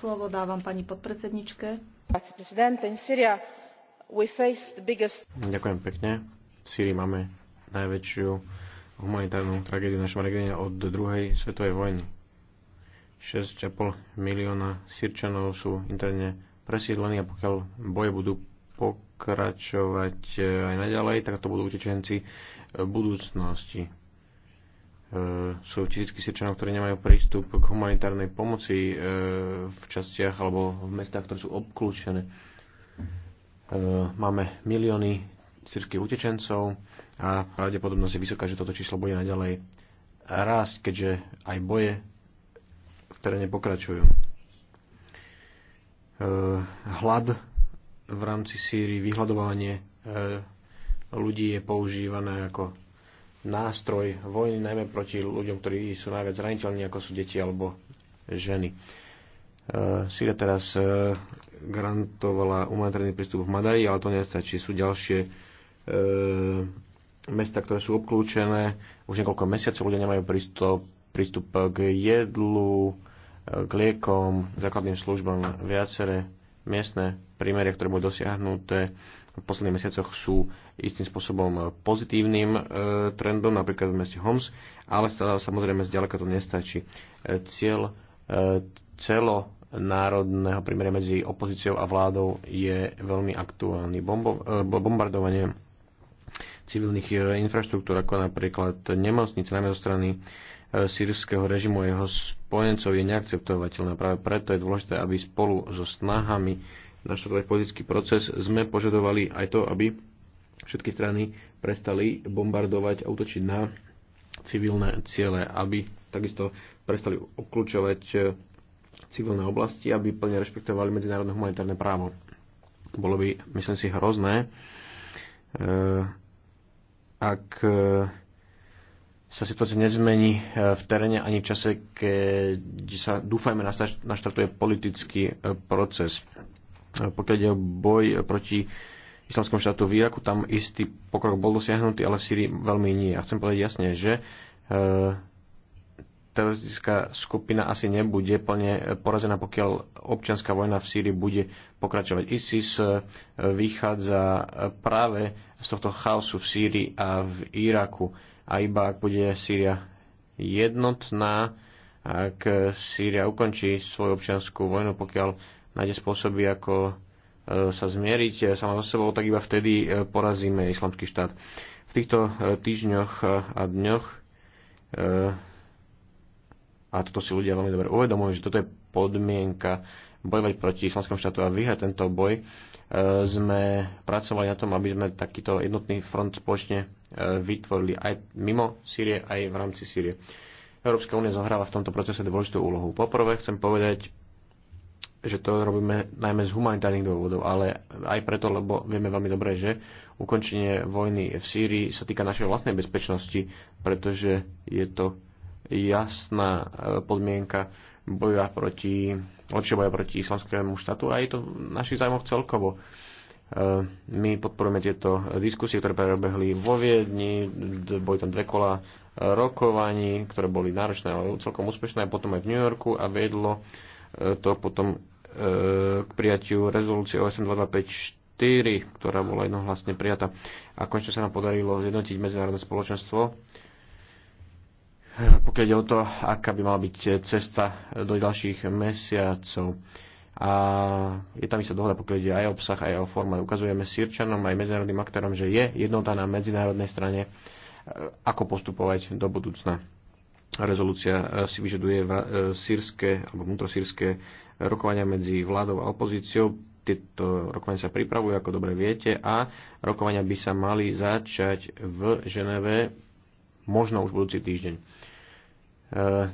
slovo dávam pani podpredsedničke. Ďakujem pekne. V Sýrii máme najväčšiu humanitárnu tragédiu v našom regióne od druhej svetovej vojny. 6,5 milióna Sýrčanov sú interne presídlení a pokiaľ boje budú pokračovať eh, aj naďalej, tak to budú utečenci budúcnosti E, sú tisícky Sirčanov, ktorí nemajú prístup k humanitárnej pomoci e, v častiach alebo v mestách, ktoré sú obklúčené. E, máme milióny sírskych utečencov a pravdepodobnosť je vysoká, že toto číslo bude naďalej rásť, keďže aj boje v teréne pokračujú. Hlad v rámci Sýrii, vyhľadovanie ľudí je používané ako nástroj vojny, najmä proti ľuďom, ktorí sú najviac zraniteľní, ako sú deti alebo ženy. E, Syria teraz e, garantovala humanitárny prístup v Madaji, ale to nestačí. Sú ďalšie e, mesta, ktoré sú obklúčené. Už niekoľko mesiacov ľudia nemajú prístup, prístup k jedlu, k liekom, základným službám. Viaceré miestne prímeria, ktoré boli dosiahnuté, v posledných mesiacoch sú istým spôsobom pozitívnym e, trendom, napríklad v meste Homs, ale stále, samozrejme zďaleka to nestačí. E, cieľ e, celo národného primeria medzi opozíciou a vládou je veľmi aktuálny. Bombo, bombardovanie civilných infraštruktúr, ako napríklad nemocnice, najmä zo strany sírskeho režimu a jeho spojencov je neakceptovateľné. Práve preto je dôležité, aby spolu so snahami naštartovať politický proces, sme požadovali aj to, aby všetky strany prestali bombardovať a útočiť na civilné ciele, aby takisto prestali obklúčovať e, civilné oblasti, aby plne rešpektovali medzinárodné humanitárne právo. Bolo by, myslím si, hrozné, e, ak e, sa situácia nezmení v teréne ani v čase, keď sa, dúfajme, naštartuje politický proces pokiaľ ide o boj proti islamskom štátu v Iraku, tam istý pokrok bol dosiahnutý, ale v Syrii veľmi nie. A chcem povedať jasne, že e, teroristická skupina asi nebude plne porazená, pokiaľ občianská vojna v Sýrii bude pokračovať. ISIS e, vychádza práve z tohto chaosu v Sýrii a v Iraku. A iba ak bude Sýria jednotná, ak Sýria ukončí svoju občianskú vojnu, pokiaľ nájde spôsoby, ako e, sa zmieriť e, sama so sebou, tak iba vtedy e, porazíme islamský štát. V týchto týždňoch a dňoch a toto si ľudia veľmi dobre uvedomujú, že toto je podmienka bojovať proti islamskému štátu a vyhrať tento boj, sme pracovali na tom, aby sme takýto jednotný front spoločne vytvorili aj mimo Sýrie, aj v rámci Sýrie. Európska únia zohráva v tomto procese dôležitú úlohu. Poprvé chcem povedať že to robíme najmä z humanitárnych dôvodov, ale aj preto, lebo vieme veľmi dobre, že ukončenie vojny v Sýrii sa týka našej vlastnej bezpečnosti, pretože je to jasná e, podmienka boja proti, lepšie boja proti islamskému štátu a je to v našich zájmoch celkovo. E, my podporujeme tieto diskusie, ktoré prebehli vo Viedni, boli tam dve kola e, rokovaní, ktoré boli náročné, ale celkom úspešné, potom aj v New Yorku a vedlo to potom k prijatiu rezolúcie 8254, ktorá bola jednohlasne prijatá. A konečne sa nám podarilo zjednotiť medzinárodné spoločenstvo pokiaľ ide o to, aká by mala byť cesta do ďalších mesiacov. A je tam istá dohoda, pokiaľ ide aj o obsah, aj o formu. Ukazujeme Sirčanom aj medzinárodným aktorom, že je jednota na medzinárodnej strane, e, ako postupovať do budúcna rezolúcia eh, si vyžaduje eh, sírske alebo vnútrosírske rokovania medzi vládou a opozíciou. Tieto rokovania sa pripravujú, ako dobre viete, a rokovania by sa mali začať v Ženeve možno už budúci týždeň. Eh,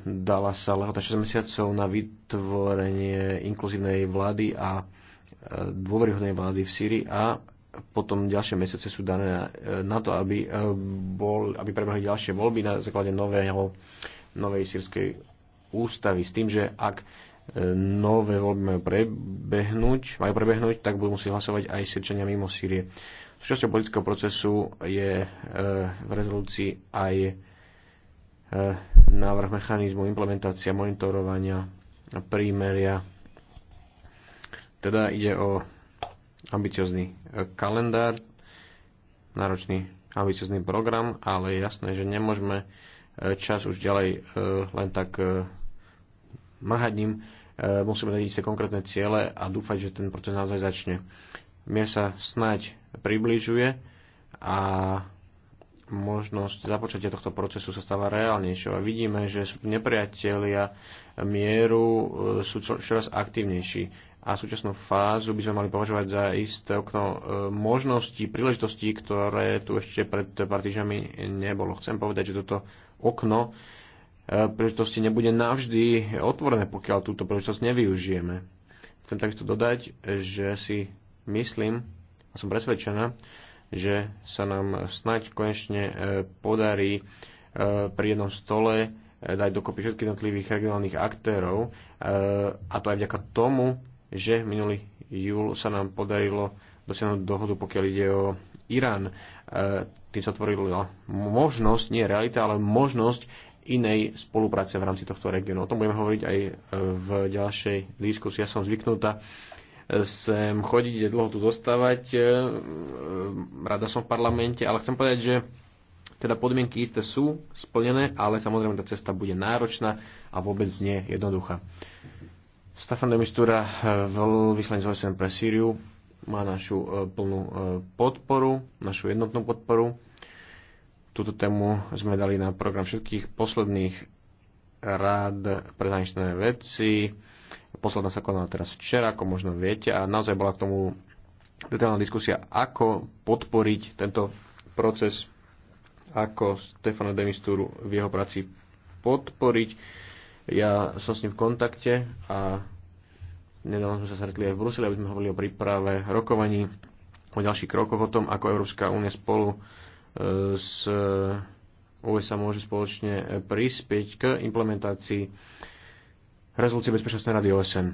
dala sa lehota 6 mesiacov na vytvorenie inkluzívnej vlády a dôveryhodnej vlády v Sýrii a potom ďalšie mesiace sú dané e, na to, aby, e, bol, aby prebehli ďalšie voľby na základe nového, novej sírskej ústavy s tým, že ak e, nové voľby majú prebehnúť, majú prebehnúť, tak budú musieť hlasovať aj Sirčania mimo Sýrie. Súčasťou politického procesu je e, v rezolúcii aj e, návrh mechanizmu implementácia monitorovania prímeria. Teda ide o ambiciozný eh, kalendár, náročný ambiciozný program, ale je jasné, že nemôžeme eh, čas už ďalej eh, len tak mrhať ním. Musíme nájsť sa konkrétne ciele a dúfať, že ten proces naozaj začne. Mier sa snáď približuje a možnosť započatia tohto procesu sa stáva reálnejšou. A vidíme, že sú nepriatelia mieru sú čoraz aktívnejší a súčasnú fázu by sme mali považovať za isté okno e, možností, príležitostí, ktoré tu ešte pred pár týždňami nebolo. Chcem povedať, že toto okno e, príležitosti nebude navždy otvorené, pokiaľ túto príležitosť nevyužijeme. Chcem takisto dodať, že si myslím a som presvedčená, že sa nám snať konečne e, podarí pri jednom stole dať dokopy všetkých jednotlivých regionálnych aktérov a to aj vďaka tomu, že minulý júl sa nám podarilo dosiahnuť dohodu, pokiaľ ide o Irán. E, tým sa tvorila možnosť, nie realita, ale možnosť inej spolupráce v rámci tohto regiónu. O tom budeme hovoriť aj e, v ďalšej diskusii. Ja som zvyknutá e, sem chodiť, kde dlho tu zostávať. Rada som v parlamente, ale chcem povedať, že teda podmienky isté sú splnené, ale samozrejme tá cesta bude náročná a vôbec nie jednoduchá. Stefan de Mistura, eh, vyslaný z OSN pre Sýriu, má našu eh, plnú eh, podporu, našu jednotnú podporu. Túto tému sme dali na program všetkých posledných rád pre zahraničné veci. Posledná sa konala teraz včera, ako možno viete, a naozaj bola k tomu detailná diskusia, ako podporiť tento proces, ako Stefana Demisturu v jeho práci podporiť ja som s ním v kontakte a nedávno sme sa stretli aj v Bruseli, aby sme hovorili o príprave rokovaní, o ďalších krokoch, o tom, ako Európska únia spolu e, s e, USA môže spoločne e, prispieť k implementácii rezolúcie Bezpečnostnej rady OSN.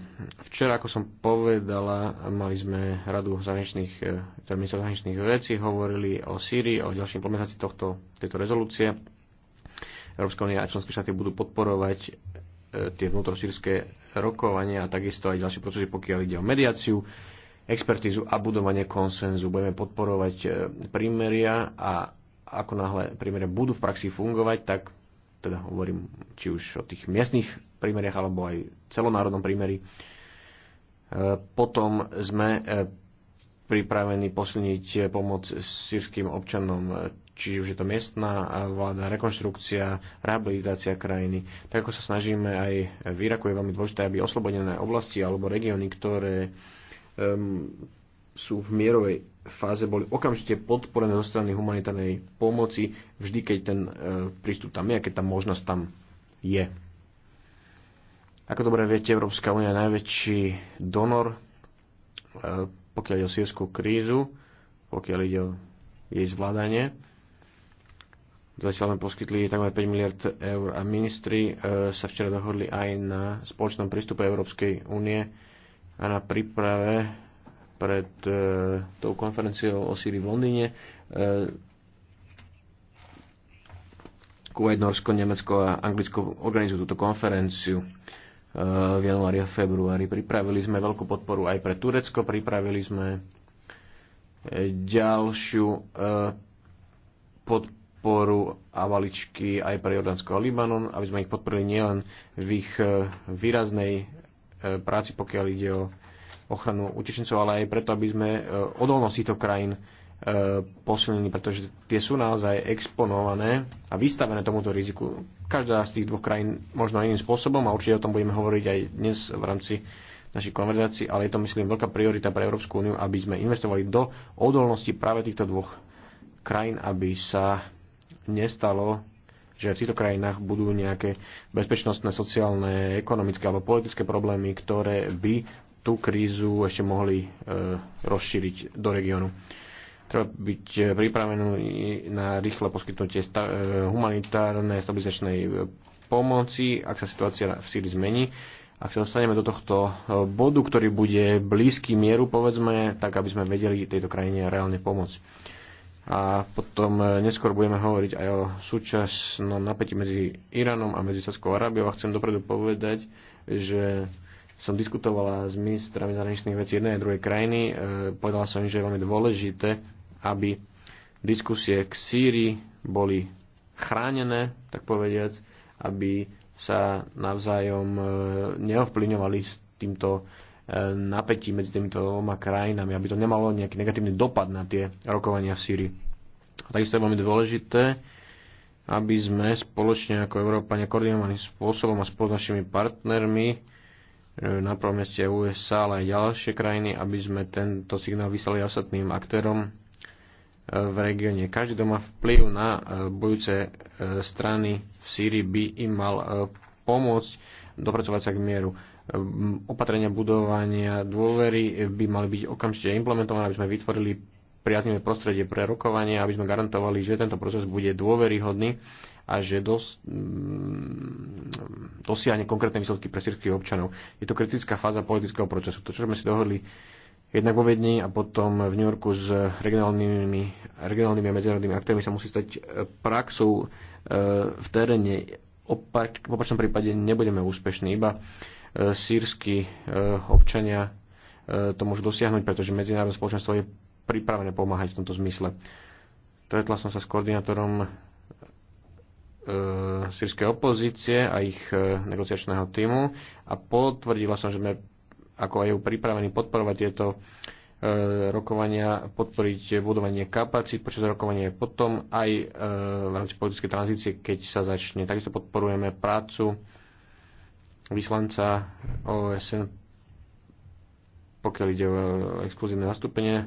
Včera, ako som povedala, mali sme radu zahraničných, teda ministrov zahraničných vecí, hovorili o Sýrii, o ďalšej implementácii tohto, tejto rezolúcie. Európska únia a členské štáty budú podporovať tie vnútrosírske rokovania a takisto aj ďalšie procesy, pokiaľ ide o mediáciu, expertízu a budovanie konsenzu. Budeme podporovať e, prímeria a ako náhle prímeria budú v praxi fungovať, tak teda hovorím či už o tých miestnych prímeriach alebo aj celonárodnom prímeri. E, potom sme e, pripravení posilniť pomoc sírským občanom či už je to miestna vláda, rekonštrukcia, rehabilitácia krajiny. Tak ako sa snažíme aj v Iraku, je veľmi dôležité, aby oslobodené oblasti alebo regióny, ktoré um, sú v mierovej fáze, boli okamžite podporené zo strany humanitárnej pomoci, vždy keď ten uh, prístup tam je a keď tá možnosť tam je. Ako dobre viete, Európska únia je najväčší donor, uh, pokiaľ ide o sírskú krízu, pokiaľ ide o jej zvládanie. Zatiaľ len poskytli takmer 5 miliard eur a ministri e, sa včera dohodli aj na spoločnom prístupe Európskej únie a na príprave pred e, tou konferenciou o Syrii v Londýne. E, Kuwait, Norsko, Nemecko a Anglicko organizujú túto konferenciu v januári a februári. Pripravili sme veľkú podporu aj pre Turecko, pripravili sme ďalšiu podporu podporu a maličky aj pre Jordánsko a Libanon, aby sme ich podporili nielen v ich e, výraznej e, práci, pokiaľ ide o ochranu utečencov, ale aj preto, aby sme e, odolnosť týchto krajín posilnili, pretože tie sú naozaj exponované a vystavené tomuto riziku. Každá z tých dvoch krajín možno iným spôsobom a určite o tom budeme hovoriť aj dnes v rámci našich konverzácií, ale je to myslím veľká priorita pre Európsku úniu, aby sme investovali do odolnosti práve týchto dvoch krajín, aby sa nestalo, že v týchto krajinách budú nejaké bezpečnostné, sociálne, ekonomické alebo politické problémy, ktoré by tú krízu ešte mohli e, rozšíriť do regiónu. Treba byť pripravený na rýchle poskytnutie sta- e, humanitárnej stabilizačnej pomoci, ak sa situácia v Sýrii zmení. Ak sa dostaneme do tohto e, bodu, ktorý bude blízky mieru, povedzme, tak aby sme vedeli tejto krajine reálne pomôcť a potom e, neskôr budeme hovoriť aj o súčasnom napätí medzi Iránom a medzi Sadskou Arábiou a chcem dopredu povedať, že som diskutovala s ministrami zahraničných vecí jednej a druhej krajiny. E, povedala som im, že je veľmi dôležité, aby diskusie k Sýrii boli chránené, tak povediac, aby sa navzájom e, neovplyvňovali s týmto napätí medzi týmito dvoma krajinami, aby to nemalo nejaký negatívny dopad na tie rokovania v Sýrii. A takisto je veľmi dôležité, aby sme spoločne ako Európa nekoordinovaným spôsobom a spolu s našimi partnermi e, na prvom mieste USA, ale aj ďalšie krajiny, aby sme tento signál vyslali ostatným aktérom e, v regióne. Každý, kto má vplyv na e, bojúce strany v Sýrii, by im mal pomôcť dopracovať sa k mieru. Ehm, opatrenia budovania dôvery by mali byť okamžite implementované, aby sme vytvorili priaznivé prostredie pre rokovanie, aby sme garantovali, že tento proces bude dôveryhodný a že dos, mm, dosiahne konkrétne výsledky pre sírskych občanov. Je to kritická fáza politického procesu. To, čo sme si dohodli jednak vo Viedni a potom v New Yorku s regionálnymi, regionálnymi a medzinárodnými aktérmi sa musí stať e, praxou e, v teréne. Opak, v opačnom prípade nebudeme úspešní. Iba sírsky e, občania e, to môžu dosiahnuť, pretože medzinárodné spoločenstvo je pripravené pomáhať v tomto zmysle. Stretla som sa s koordinátorom e, sírskej opozície a ich e, negociačného týmu a potvrdila som, že sme ako aj pripravení podporovať tieto rokovania, podporiť budovanie kapacít počas rokovania potom aj v rámci politickej tranzície, keď sa začne. Takisto podporujeme prácu vyslanca OSN, pokiaľ ide o exkluzívne zastúpenie e,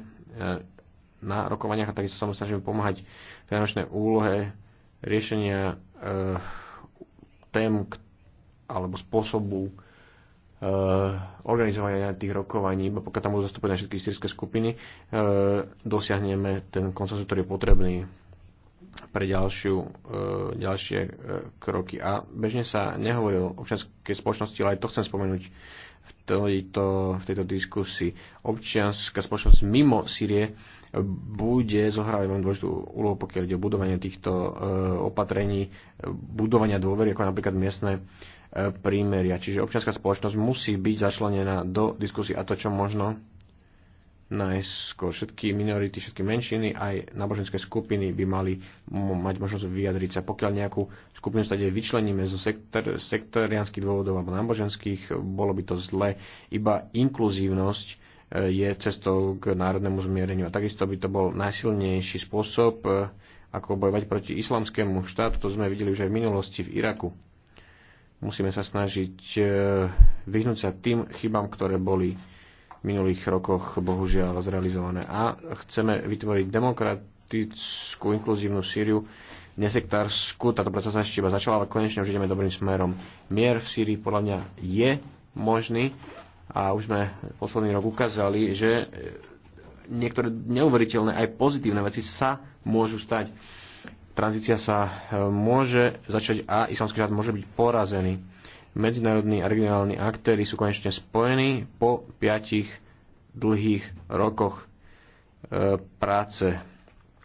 na rokovaniach a takisto sa snažíme pomáhať finančné úlohe riešenia e, tém alebo spôsobu e, organizovania tých rokovaní, iba pokiaľ tam budú zastúpené všetky sírske skupiny, e, dosiahneme ten konsenzus, ktorý je potrebný pre ďalšiu, e, ďalšie e, kroky. A bežne sa nehovorí o občianskej spoločnosti, ale aj to chcem spomenúť v tejto, v tejto diskusii. Občianská spoločnosť mimo Sýrie bude zohrávať veľmi dôležitú úlohu, pokiaľ ide o budovanie týchto e, opatrení, budovania dôvery, ako napríklad miestne prímeria. Čiže občianská spoločnosť musí byť začlenená do diskusie a to čo možno najskôr všetky minority, všetky menšiny, aj náboženské skupiny by mali mať možnosť vyjadriť sa. Pokiaľ nejakú skupinu stade vyčleníme zo sektor, sektoriánskych dôvodov alebo náboženských, bolo by to zle. Iba inkluzívnosť e, je cestou k národnému zmiereniu. A takisto by to bol najsilnejší spôsob, e, ako bojovať proti islamskému štátu. To sme videli už aj v minulosti v Iraku. Musíme sa snažiť e, vyhnúť sa tým chybám, ktoré boli minulých rokoch bohužiaľ zrealizované. A chceme vytvoriť demokratickú, inkluzívnu Sýriu, nesektársku. Táto práca sa ešte iba začala, ale konečne už ideme dobrým smerom. Mier v Sýrii podľa mňa je možný a už sme posledný rok ukázali, že niektoré neuveriteľné aj pozitívne veci sa môžu stať. Tranzícia sa e, môže začať a islamský štát môže byť porazený medzinárodní a regionálni aktéry sú konečne spojení po piatich dlhých rokoch e, práce.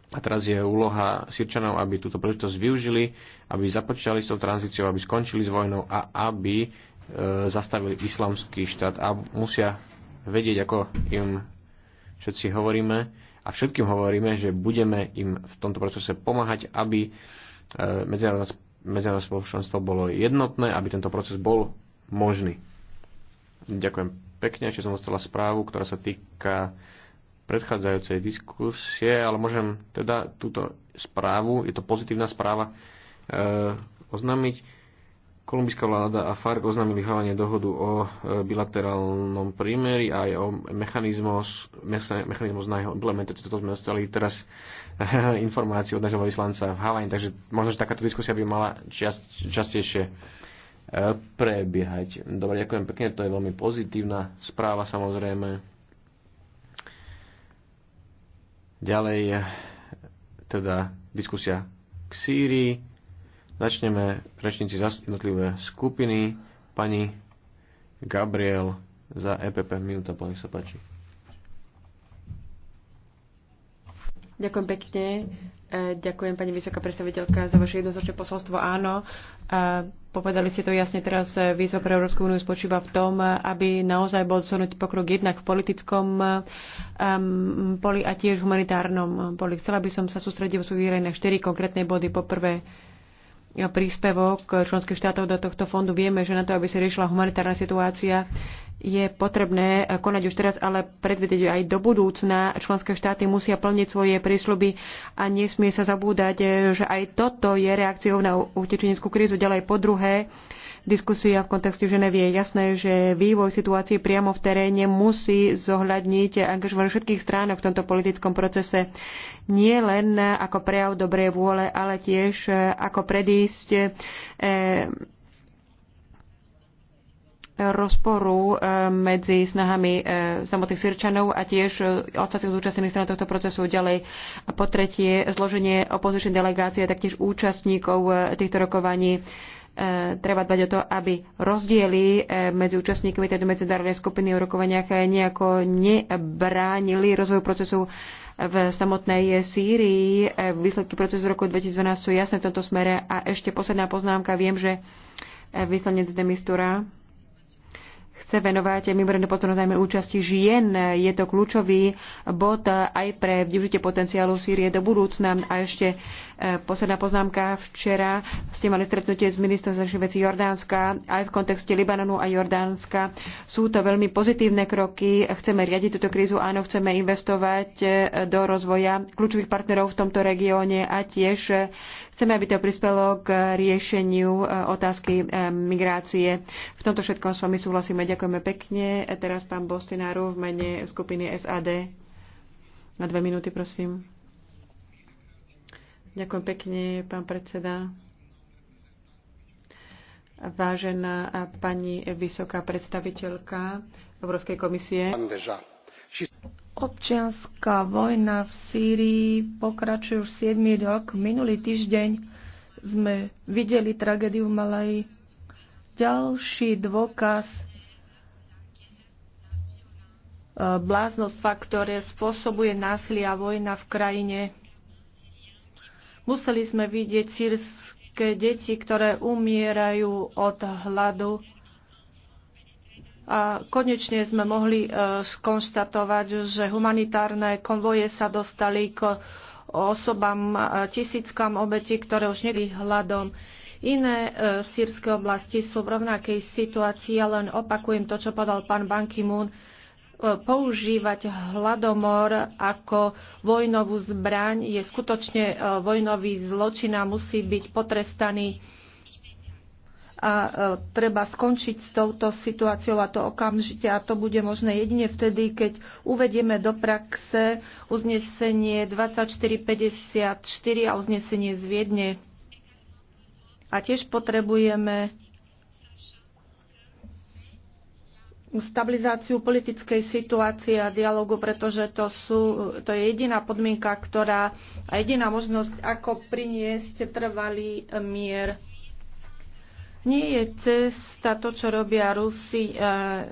A teraz je úloha Sirčanov, aby túto príležitosť využili, aby započali s tou tranzíciou, aby skončili s vojnou a aby e, zastavili islamský štát a musia vedieť, ako im všetci hovoríme a všetkým hovoríme, že budeme im v tomto procese pomáhať, aby e, medzinárodná medzinárodné spoločenstvo bolo jednotné, aby tento proces bol možný. Ďakujem pekne, ešte som dostala správu, ktorá sa týka predchádzajúcej diskusie, ale môžem teda túto správu, je to pozitívna správa, e, oznámiť Kolumbijská vláda a FARC oznámili hlavne dohodu o e, bilaterálnom prímeri a aj o mechanizmus, mechanizmus na jeho implementáciu. Toto sme dostali teraz e, informáciu od nášho vyslanca v Havane, takže možno, že takáto diskusia by mala čas, častejšie e, prebiehať. Dobre, ďakujem pekne, to je veľmi pozitívna správa samozrejme. Ďalej teda diskusia k Sýrii Začneme rečníci za jednotlivé skupiny. Pani Gabriel za EPP minúta, pán nech sa páči. Ďakujem pekne. E, ďakujem, pani vysoká predstaviteľka, za vaše jednoznačné posolstvo. Áno, e, povedali ste to jasne teraz, e, výzva pre Európsku úniu spočíva v tom, aby naozaj bol dosiahnutý pokrok jednak v politickom poli a tiež v humanitárnom poli. Chcela by som sa sústrediť vo svojich na štyri konkrétne body. Po prvé, príspevok členských štátov do tohto fondu. Vieme, že na to, aby sa riešila humanitárna situácia, je potrebné konať už teraz, ale predvedieť aj do budúcna. Členské štáty musia plniť svoje prísľuby a nesmie sa zabúdať, že aj toto je reakciou na utečeneckú krízu. Ďalej po druhé, diskusia v kontexte Ženevy. Je jasné, že vývoj situácie priamo v teréne musí zohľadniť angažovanie všetkých strán v tomto politickom procese. Nie len ako prejav dobrej vôle, ale tiež e, ako predísť e, rozporu e, medzi snahami samotných Sirčanov a tiež ostatných zúčastnených stran tohto procesu ďalej. A po tretie, zloženie opozičnej delegácie a taktiež účastníkov týchto rokovaní E, treba dbať o to, aby rozdiely e, medzi účastníkmi tejto medzinárodnej skupiny o rokovaniach nejako nebránili rozvoju procesu v samotnej Sýrii. E, výsledky procesu roku 2012 sú jasné v tomto smere. A ešte posledná poznámka. Viem, že vyslanec Demistura chce venovať mimoriadne pozornosť najmä účasti žien. Je to kľúčový bod aj pre využitie potenciálu Sýrie do budúcna. A ešte e, posledná poznámka. Včera ste mali stretnutie s ministrom zahraničných vecí Jordánska. Aj v kontexte Libanonu a Jordánska sú to veľmi pozitívne kroky. Chceme riadiť túto krízu, áno, chceme investovať e, do rozvoja kľúčových partnerov v tomto regióne a tiež Chceme, aby to prispelo k riešeniu e, otázky e, migrácie. V tomto všetkom s vami súhlasíme. Ďakujeme pekne. E, teraz pán Bostináru v mene skupiny SAD. Na dve minúty, prosím. Ďakujem pekne, pán predseda. Vážená pani vysoká predstaviteľka Európskej komisie. Občianská vojna v Sýrii pokračuje už 7 rok. Minulý týždeň sme videli tragédiu v Malaji. Ďalší dôkaz e, bláznostva, ktoré spôsobuje násilie a vojna v krajine. Museli sme vidieť sírske deti, ktoré umierajú od hladu a konečne sme mohli e, skonštatovať, že humanitárne konvoje sa dostali k osobám, e, tisíckam obetí, ktoré už neboli hľadom. Iné e, sírske oblasti sú v rovnakej situácii, ale len opakujem to, čo povedal pán Ban Ki-moon, používať hladomor ako vojnovú zbraň je skutočne vojnový zločin a musí byť potrestaný a e, treba skončiť s touto situáciou a to okamžite a to bude možné jedine vtedy, keď uvedieme do praxe uznesenie 2454 a uznesenie z Viedne. A tiež potrebujeme stabilizáciu politickej situácie a dialogu, pretože to, sú, to je jediná podmienka, ktorá a jediná možnosť, ako priniesť trvalý mier nie je cesta to, čo robia Rusi, e,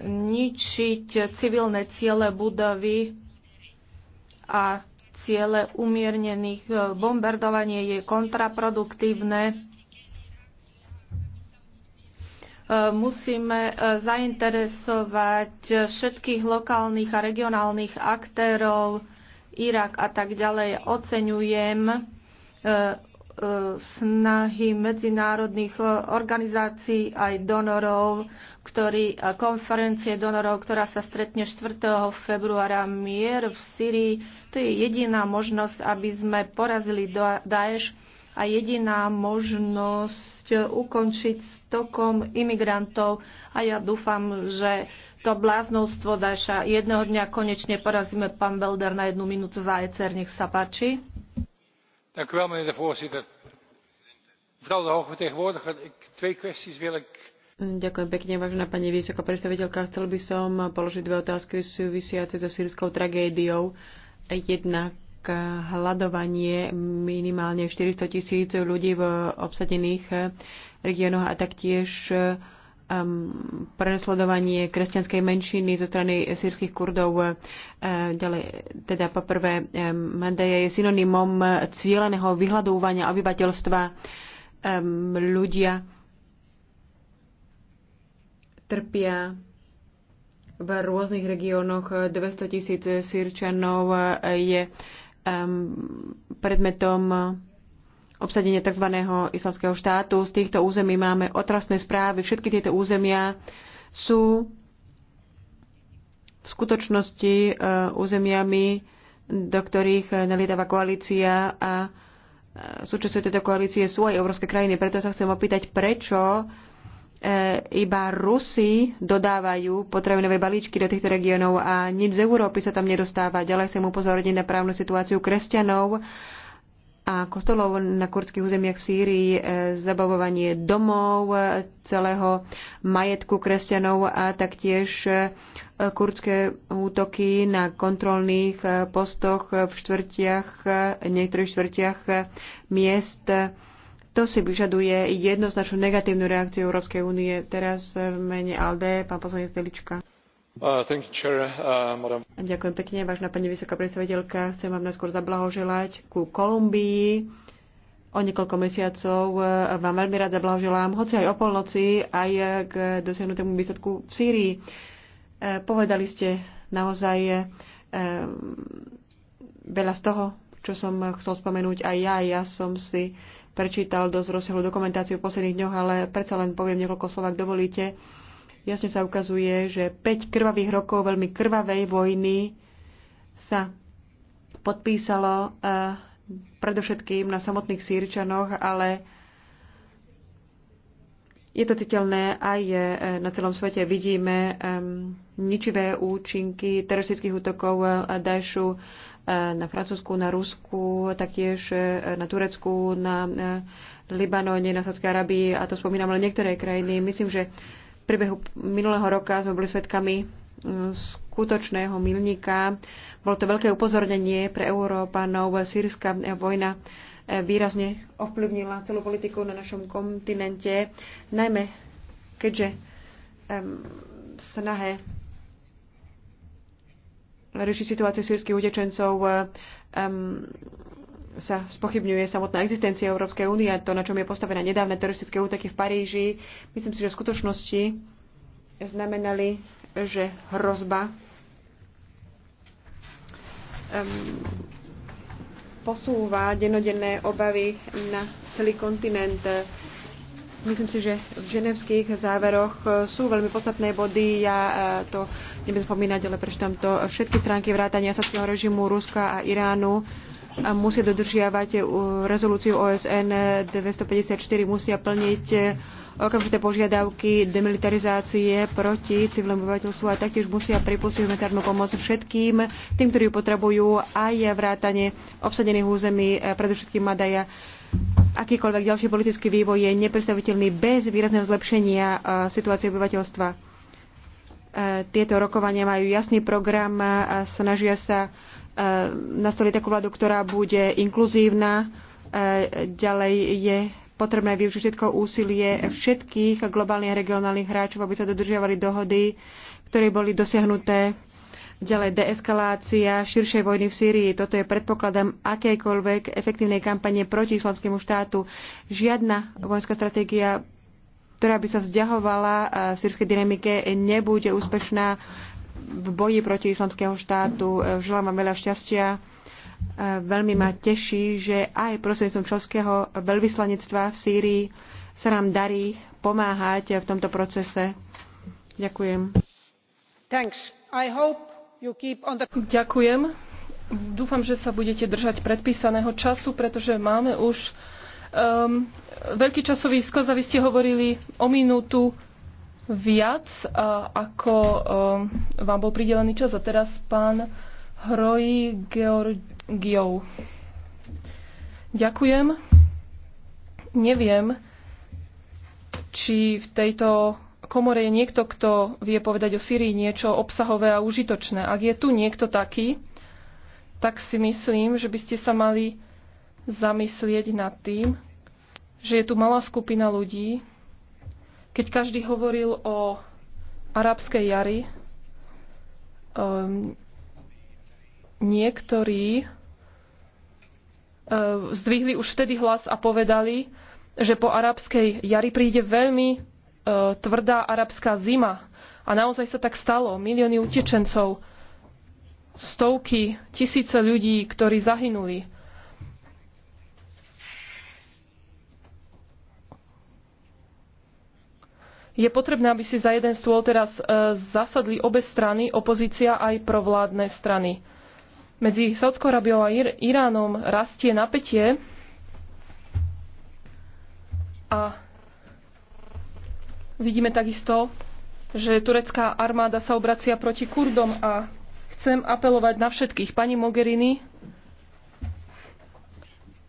ničiť civilné ciele budovy a ciele umiernených. E, bombardovanie je kontraproduktívne musíme e, zainteresovať všetkých lokálnych a regionálnych aktérov, Irak a tak ďalej. Oceňujem snahy medzinárodných organizácií aj donorov, ktorý, konferencie donorov, ktorá sa stretne 4. februára mier v Syrii. To je jediná možnosť, aby sme porazili Daesh a jediná možnosť ukončiť stokom imigrantov. A ja dúfam, že to bláznostvo Daesha jedného dňa konečne porazíme. Pán Belder na jednu minútu za ECR, nech sa páči mevrouw de hoge vertegenwoordiger twee kwesties wil ik. Ďakujem pekne, vážená pani vysoká predstaviteľka. Chcel by som položiť dve otázky súvisiace so sírskou tragédiou. Jednak hľadovanie minimálne 400 tisíc ľudí v obsadených regiónoch a taktiež um, prenasledovanie kresťanskej menšiny zo strany sírskych kurdov. E, ďalej, teda poprvé, um, Mandeja je synonymom cieľeného vyhľadúvania obyvateľstva um, ľudia trpia v rôznych regiónoch. 200 tisíc sírčanov je um, predmetom obsadenie tzv. islamského štátu. Z týchto území máme otrasné správy. Všetky tieto územia sú v skutočnosti e, územiami, do ktorých nalietáva koalícia a e, súčasťou tejto koalície sú aj európske krajiny. Preto sa chcem opýtať, prečo e, iba Rusi dodávajú potravinové balíčky do týchto regiónov a nič z Európy sa tam nedostáva. Ďalej chcem upozorniť na právnu situáciu kresťanov a kostolov na kurdských územiach v Sýrii, e, zabavovanie domov, e, celého majetku kresťanov a taktiež e, kurdské útoky na kontrolných postoch v štvrtiach, niektorých štvrtiach miest. To si vyžaduje jednoznačnú negatívnu reakciu Európskej únie. Teraz v mene ALDE pán poslanec Delička. Uh, uh, Ďakujem pekne, vážna pani vysoká predstaviteľka. Chcem vám najskôr zablahoželať ku Kolumbii. O niekoľko mesiacov uh, vám veľmi rád zablahoželám, hoci aj o polnoci, aj k dosiahnutému výsledku v Sýrii. Povedali ste naozaj veľa z toho, čo som chcel spomenúť aj ja. Ja som si prečítal dosť rozsiahlu dokumentáciu v posledných dňoch, ale predsa len poviem niekoľko slov, ak dovolíte jasne sa ukazuje, že 5 krvavých rokov veľmi krvavej vojny sa podpísalo uh, predovšetkým na samotných sírčanoch, ale je to citeľné aj e, na celom svete. Vidíme um, ničivé účinky teroristických útokov e, Daešu na Francúzsku, na Rusku, taktiež na Turecku, na Libanone, na Sádskej Arabii a to spomínam len niektoré krajiny. Myslím, že v priebehu minulého roka sme boli svedkami mm, skutočného milníka. Bolo to veľké upozornenie pre Európanov. Sýrska vojna eh, výrazne ovplyvnila celú politiku na našom kontinente, najmä keďže um, snahe riešiť situáciu sírskych utečencov um, sa spochybňuje samotná existencia Európskej únie a to, na čom je postavené nedávne teroristické útoky v Paríži. Myslím si, že v skutočnosti znamenali, že hrozba um, posúva denodenné obavy na celý kontinent. Myslím si, že v ženevských záveroch sú veľmi podstatné body. Ja e, to nebudem spomínať, ale prečítam to. Všetky stránky vrátania sankčného režimu Ruska a Iránu musia dodržiavať e, rezolúciu OSN 254, musia plniť e, okamžité požiadavky demilitarizácie proti civilnému obyvateľstvu a taktiež musia pripustiť humanitárnu pomoc všetkým tým, ktorí ju potrebujú, aj vrátanie obsadených území, e, predovšetkým Madaja. Akýkoľvek ďalší politický vývoj je nepredstaviteľný bez výrazného zlepšenia situácie obyvateľstva. Tieto rokovania majú jasný program a snažia sa E, nastoliť takú vládu, ktorá bude inkluzívna. E, ďalej je potrebné využiť všetko úsilie všetkých globálnych a regionálnych hráčov, aby sa dodržiavali dohody, ktoré boli dosiahnuté. Ďalej deeskalácia širšej vojny v Sýrii. Toto je predpokladom akejkoľvek efektívnej kampane proti islamskému štátu. Žiadna vojenská stratégia ktorá by sa vzťahovala e, v sírskej dynamike, nebude úspešná v boji proti islamského štátu. E, želám vám veľa šťastia. E, veľmi ma teší, že aj prostredníctvom členského veľvyslanectva v Sýrii sa nám darí pomáhať v tomto procese. Ďakujem. The... Ďakujem. Dúfam, že sa budete držať predpísaného času, pretože máme už um, veľký časový skos a vy ste hovorili o minútu viac, ako e, vám bol pridelený čas. A teraz pán Hroji Georgiou. Ďakujem. Neviem, či v tejto komore je niekto, kto vie povedať o Syrii niečo obsahové a užitočné. Ak je tu niekto taký, tak si myslím, že by ste sa mali zamyslieť nad tým, že je tu malá skupina ľudí, keď každý hovoril o arabskej jari, um, niektorí uh, zdvihli už vtedy hlas a povedali, že po arabskej jari príde veľmi uh, tvrdá arabská zima. A naozaj sa tak stalo. Milióny utečencov, stovky, tisíce ľudí, ktorí zahynuli. je potrebné, aby si za jeden stôl teraz e, zasadli obe strany, opozícia aj provládne strany. Medzi Saudskou Arabiou a Ir- Iránom rastie napätie a vidíme takisto, že turecká armáda sa obracia proti Kurdom a chcem apelovať na všetkých. Pani Mogherini,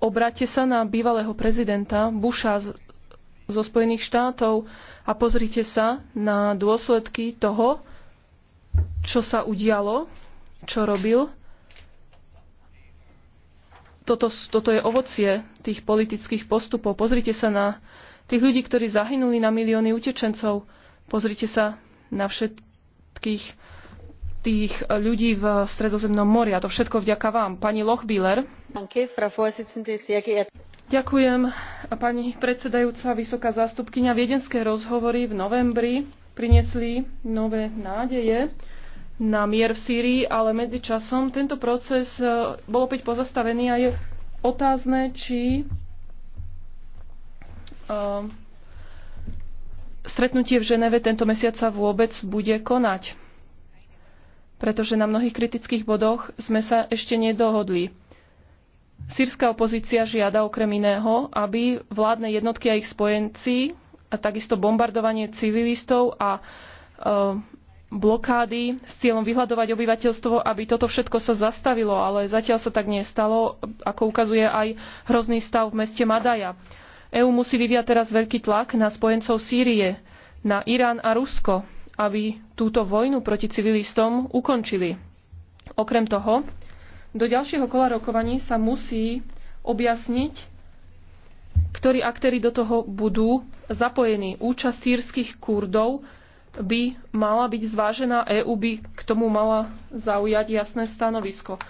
obráte sa na bývalého prezidenta Busha zo Spojených štátov a pozrite sa na dôsledky toho, čo sa udialo, čo robil. Toto, toto je ovocie tých politických postupov. Pozrite sa na tých ľudí, ktorí zahynuli na milióny utečencov. Pozrite sa na všetkých tých ľudí v Stredozemnom mori. A to všetko vďaka vám, pani Lochbiller. Ďakujem, pani predsedajúca, vysoká zástupkynia. Viedenské rozhovory v novembri priniesli nové nádeje na mier v Sýrii, ale medzičasom tento proces e, bol opäť pozastavený a je otázne, či e, stretnutie v Ženeve tento mesiac sa vôbec bude konať. Pretože na mnohých kritických bodoch sme sa ešte nedohodli. Sýrska opozícia žiada okrem iného, aby vládne jednotky a ich spojenci a takisto bombardovanie civilistov a e, blokády s cieľom vyhľadovať obyvateľstvo, aby toto všetko sa zastavilo, ale zatiaľ sa tak nestalo, ako ukazuje aj hrozný stav v meste Madaja. EÚ musí vyviať teraz veľký tlak na spojencov Sýrie, na Irán a Rusko, aby túto vojnu proti civilistom ukončili. Okrem toho, do ďalšieho kola rokovaní sa musí objasniť, ktorí aktéry do toho budú zapojení. Účasť sírskych kurdov by mala byť zvážená, EÚ by k tomu mala zaujať jasné stanovisko. E,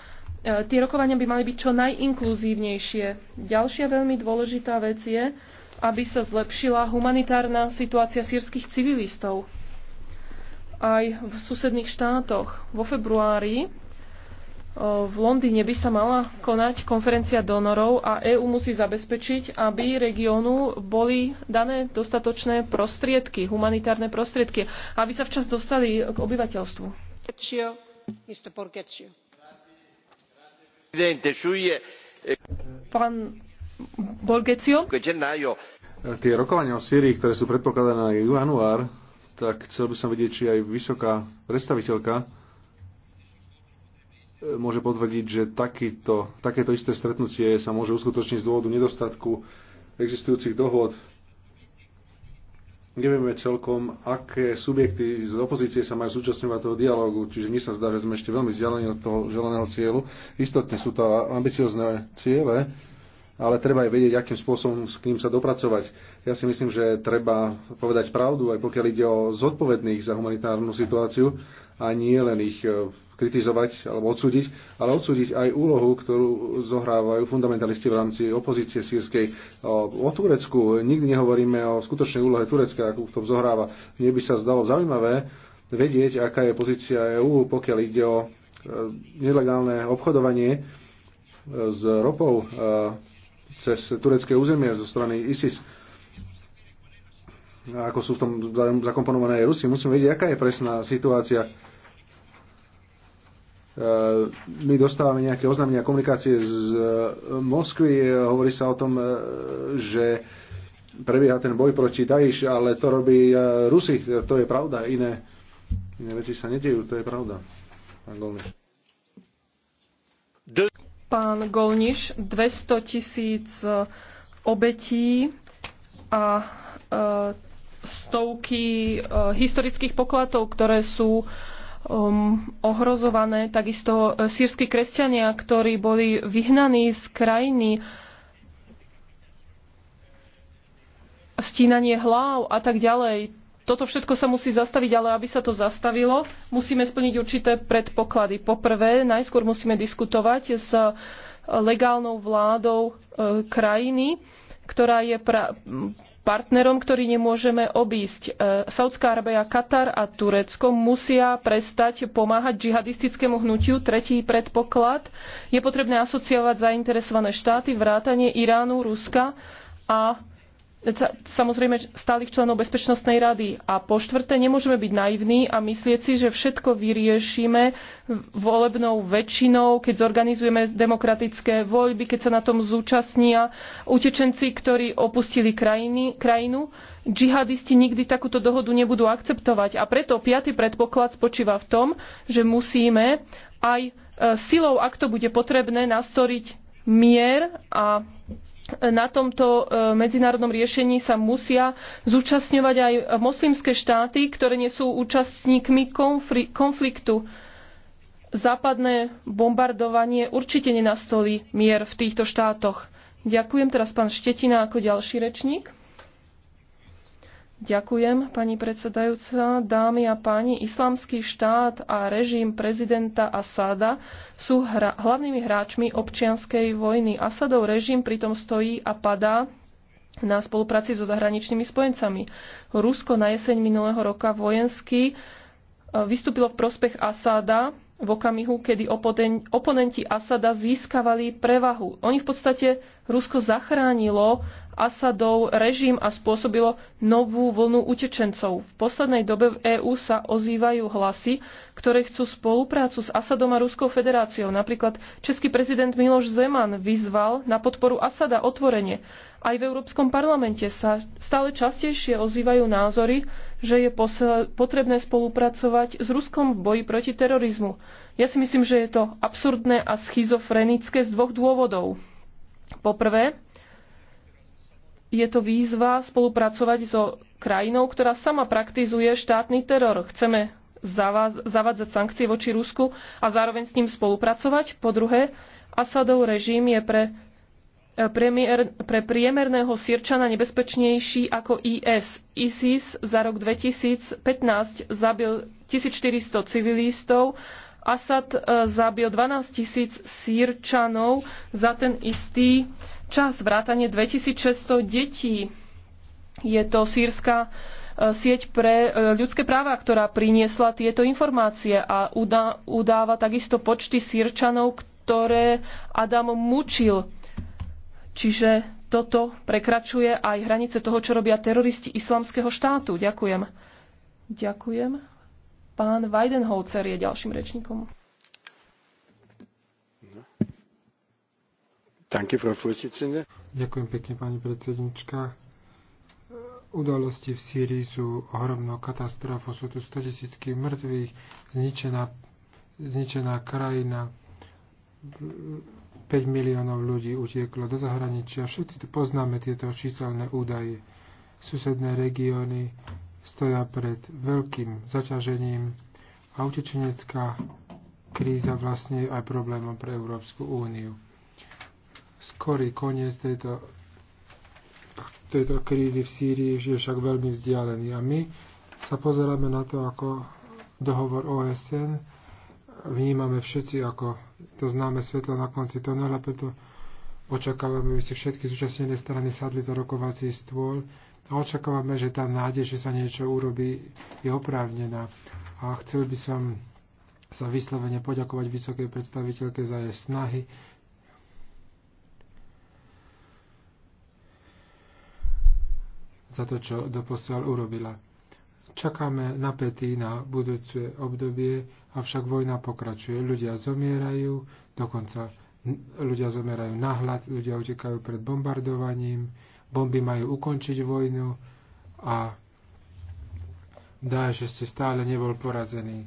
tie rokovania by mali byť čo najinkluzívnejšie. Ďalšia veľmi dôležitá vec je, aby sa zlepšila humanitárna situácia sírskych civilistov aj v susedných štátoch. Vo februári v Londýne by sa mala konať konferencia donorov a EÚ musí zabezpečiť, aby regiónu boli dané dostatočné prostriedky, humanitárne prostriedky, aby sa včas dostali k obyvateľstvu. Pán eh, Borgecio? Tie rokovania o Sýrii, ktoré sú predpokladané na január, tak chcel by som vedieť, či aj vysoká predstaviteľka môže potvrdiť, že takýto, takéto isté stretnutie sa môže uskutočniť z dôvodu nedostatku existujúcich dohod. Nevieme celkom, aké subjekty z opozície sa majú zúčastňovať toho dialógu, čiže mi sa zdá, že sme ešte veľmi vzdialení od toho želeného cieľu. Istotne sú to ambiciozne ciele, ale treba aj vedieť, akým spôsobom s kým sa dopracovať. Ja si myslím, že treba povedať pravdu, aj pokiaľ ide o zodpovedných za humanitárnu situáciu a nie len ich e, kritizovať alebo odsúdiť, ale odsúdiť aj úlohu, ktorú zohrávajú fundamentalisti v rámci opozície sírskej. O Turecku nikdy nehovoríme o skutočnej úlohe Turecka, akú tom zohráva. Mne by sa zdalo zaujímavé vedieť, aká je pozícia EÚ, pokiaľ ide o e, nelegálne obchodovanie e, s ropou e, cez turecké územie zo strany ISIS ako sú v tom zakomponované aj Rusy. Musíme vedieť, aká je presná situácia E, my dostávame nejaké oznámenia komunikácie z e, Moskvy, e, hovorí sa o tom, že prebieha ten boj proti Dajiš, ale to robí Rusi, to je pravda, iné, iné veci sa nedejú, to je pravda. Pán Golniš. Pán Golniš, 200 tisíc obetí a stovky historických pokladov, ktoré sú um, ohrozované. Takisto e, sírsky kresťania, ktorí boli vyhnaní z krajiny, stínanie hlav a tak ďalej. Toto všetko sa musí zastaviť, ale aby sa to zastavilo, musíme splniť určité predpoklady. Poprvé, najskôr musíme diskutovať s legálnou vládou e, krajiny, ktorá je pra- partnerom, ktorý nemôžeme obísť. E, Saudská Arábia, Katar a Turecko musia prestať pomáhať džihadistickému hnutiu. Tretí predpoklad je potrebné asociovať zainteresované štáty, vrátanie Iránu, Ruska a samozrejme stálych členov Bezpečnostnej rady. A po štvrté, nemôžeme byť naivní a myslieť si, že všetko vyriešime volebnou väčšinou, keď zorganizujeme demokratické voľby, keď sa na tom zúčastnia utečenci, ktorí opustili krajiny, krajinu. Džihadisti nikdy takúto dohodu nebudú akceptovať. A preto piaty predpoklad spočíva v tom, že musíme aj e, silou, ak to bude potrebné, nastoriť mier a na tomto e, medzinárodnom riešení sa musia zúčastňovať aj moslimské štáty, ktoré nie sú účastníkmi konfliktu. Západné bombardovanie určite nenastolí mier v týchto štátoch. Ďakujem teraz pán Štetina ako ďalší rečník. Ďakujem, pani predsedajúca. Dámy a páni, islamský štát a režim prezidenta Asada sú hra- hlavnými hráčmi občianskej vojny. Asadov režim pritom stojí a padá na spolupráci so zahraničnými spojencami. Rusko na jeseň minulého roka vojensky e, vystúpilo v prospech Asada v okamihu, kedy oponenti Asada získavali prevahu. Oni v podstate Rusko zachránilo Asadov režim a spôsobilo novú vlnu utečencov. V poslednej dobe v EÚ sa ozývajú hlasy, ktoré chcú spoluprácu s Asadom a Ruskou federáciou. Napríklad český prezident Miloš Zeman vyzval na podporu Asada otvorenie. Aj v Európskom parlamente sa stále častejšie ozývajú názory, že je potrebné spolupracovať s Ruskom v boji proti terorizmu. Ja si myslím, že je to absurdné a schizofrenické z dvoch dôvodov. Poprvé, je to výzva spolupracovať so krajinou, ktorá sama praktizuje štátny teror. Chceme zavádzať sankcie voči Rusku a zároveň s ním spolupracovať. Po druhé, Asadov režim je pre, eh, premiér, pre priemerného Sirčana nebezpečnejší ako IS. ISIS za rok 2015 zabil 1400 civilistov, Asad eh, zabil 12 tisíc Sýrčanov za ten istý čas, vrátanie 2600 detí. Je to sírska e, sieť pre e, ľudské práva, ktorá priniesla tieto informácie a udáva takisto počty sírčanov, ktoré Adam mučil. Čiže toto prekračuje aj hranice toho, čo robia teroristi islamského štátu. Ďakujem. Ďakujem. Pán Weidenholzer je ďalším rečníkom. Ďakujem pekne, pani predsednička. Udalosti v Sýrii sú ohromnou katastrofou. Sú tu 100 tisícky mŕtvych, zničená, zničená krajina, 5 miliónov ľudí utieklo do zahraničia. Všetci poznáme tieto číselné údaje. Susedné regióny stoja pred veľkým zaťažením a utečenecká kríza vlastne je aj problémom pre Európsku úniu Skorý koniec tejto, tejto krízy v Sýrii je však veľmi vzdialený. A my sa pozeráme na to, ako dohovor OSN vnímame všetci ako to známe svetlo na konci tunela, preto očakávame, aby si všetky zúčastnené strany sadli za rokovací stôl a očakávame, že tá nádej, že sa niečo urobí, je oprávnená. A chcel by som sa vyslovene poďakovať vysokej predstaviteľke za jej snahy, za to, čo doposiaľ urobila. Čakáme napätí na budúce obdobie, avšak vojna pokračuje. Ľudia zomierajú, dokonca ľudia zomierajú na hlad, ľudia utekajú pred bombardovaním, bomby majú ukončiť vojnu a dá, že ste stále nebol porazený.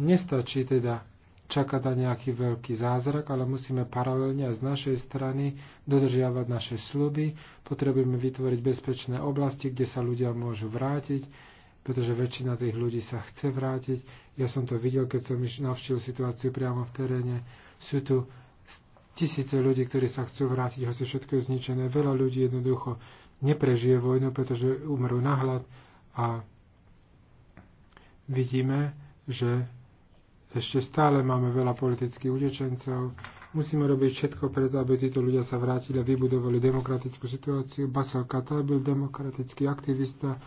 Nestačí teda čakať na nejaký veľký zázrak, ale musíme paralelne aj z našej strany dodržiavať naše sluby. Potrebujeme vytvoriť bezpečné oblasti, kde sa ľudia môžu vrátiť, pretože väčšina tých ľudí sa chce vrátiť. Ja som to videl, keď som navštívil situáciu priamo v teréne. Sú tu tisíce ľudí, ktorí sa chcú vrátiť, hoci všetko je zničené. Veľa ľudí jednoducho neprežije vojnu, pretože umrú na hlad a vidíme, že ešte stále máme veľa politických utečencov. Musíme robiť všetko preto, aby títo ľudia sa vrátili a vybudovali demokratickú situáciu. Basel Kata byl demokratický aktivista.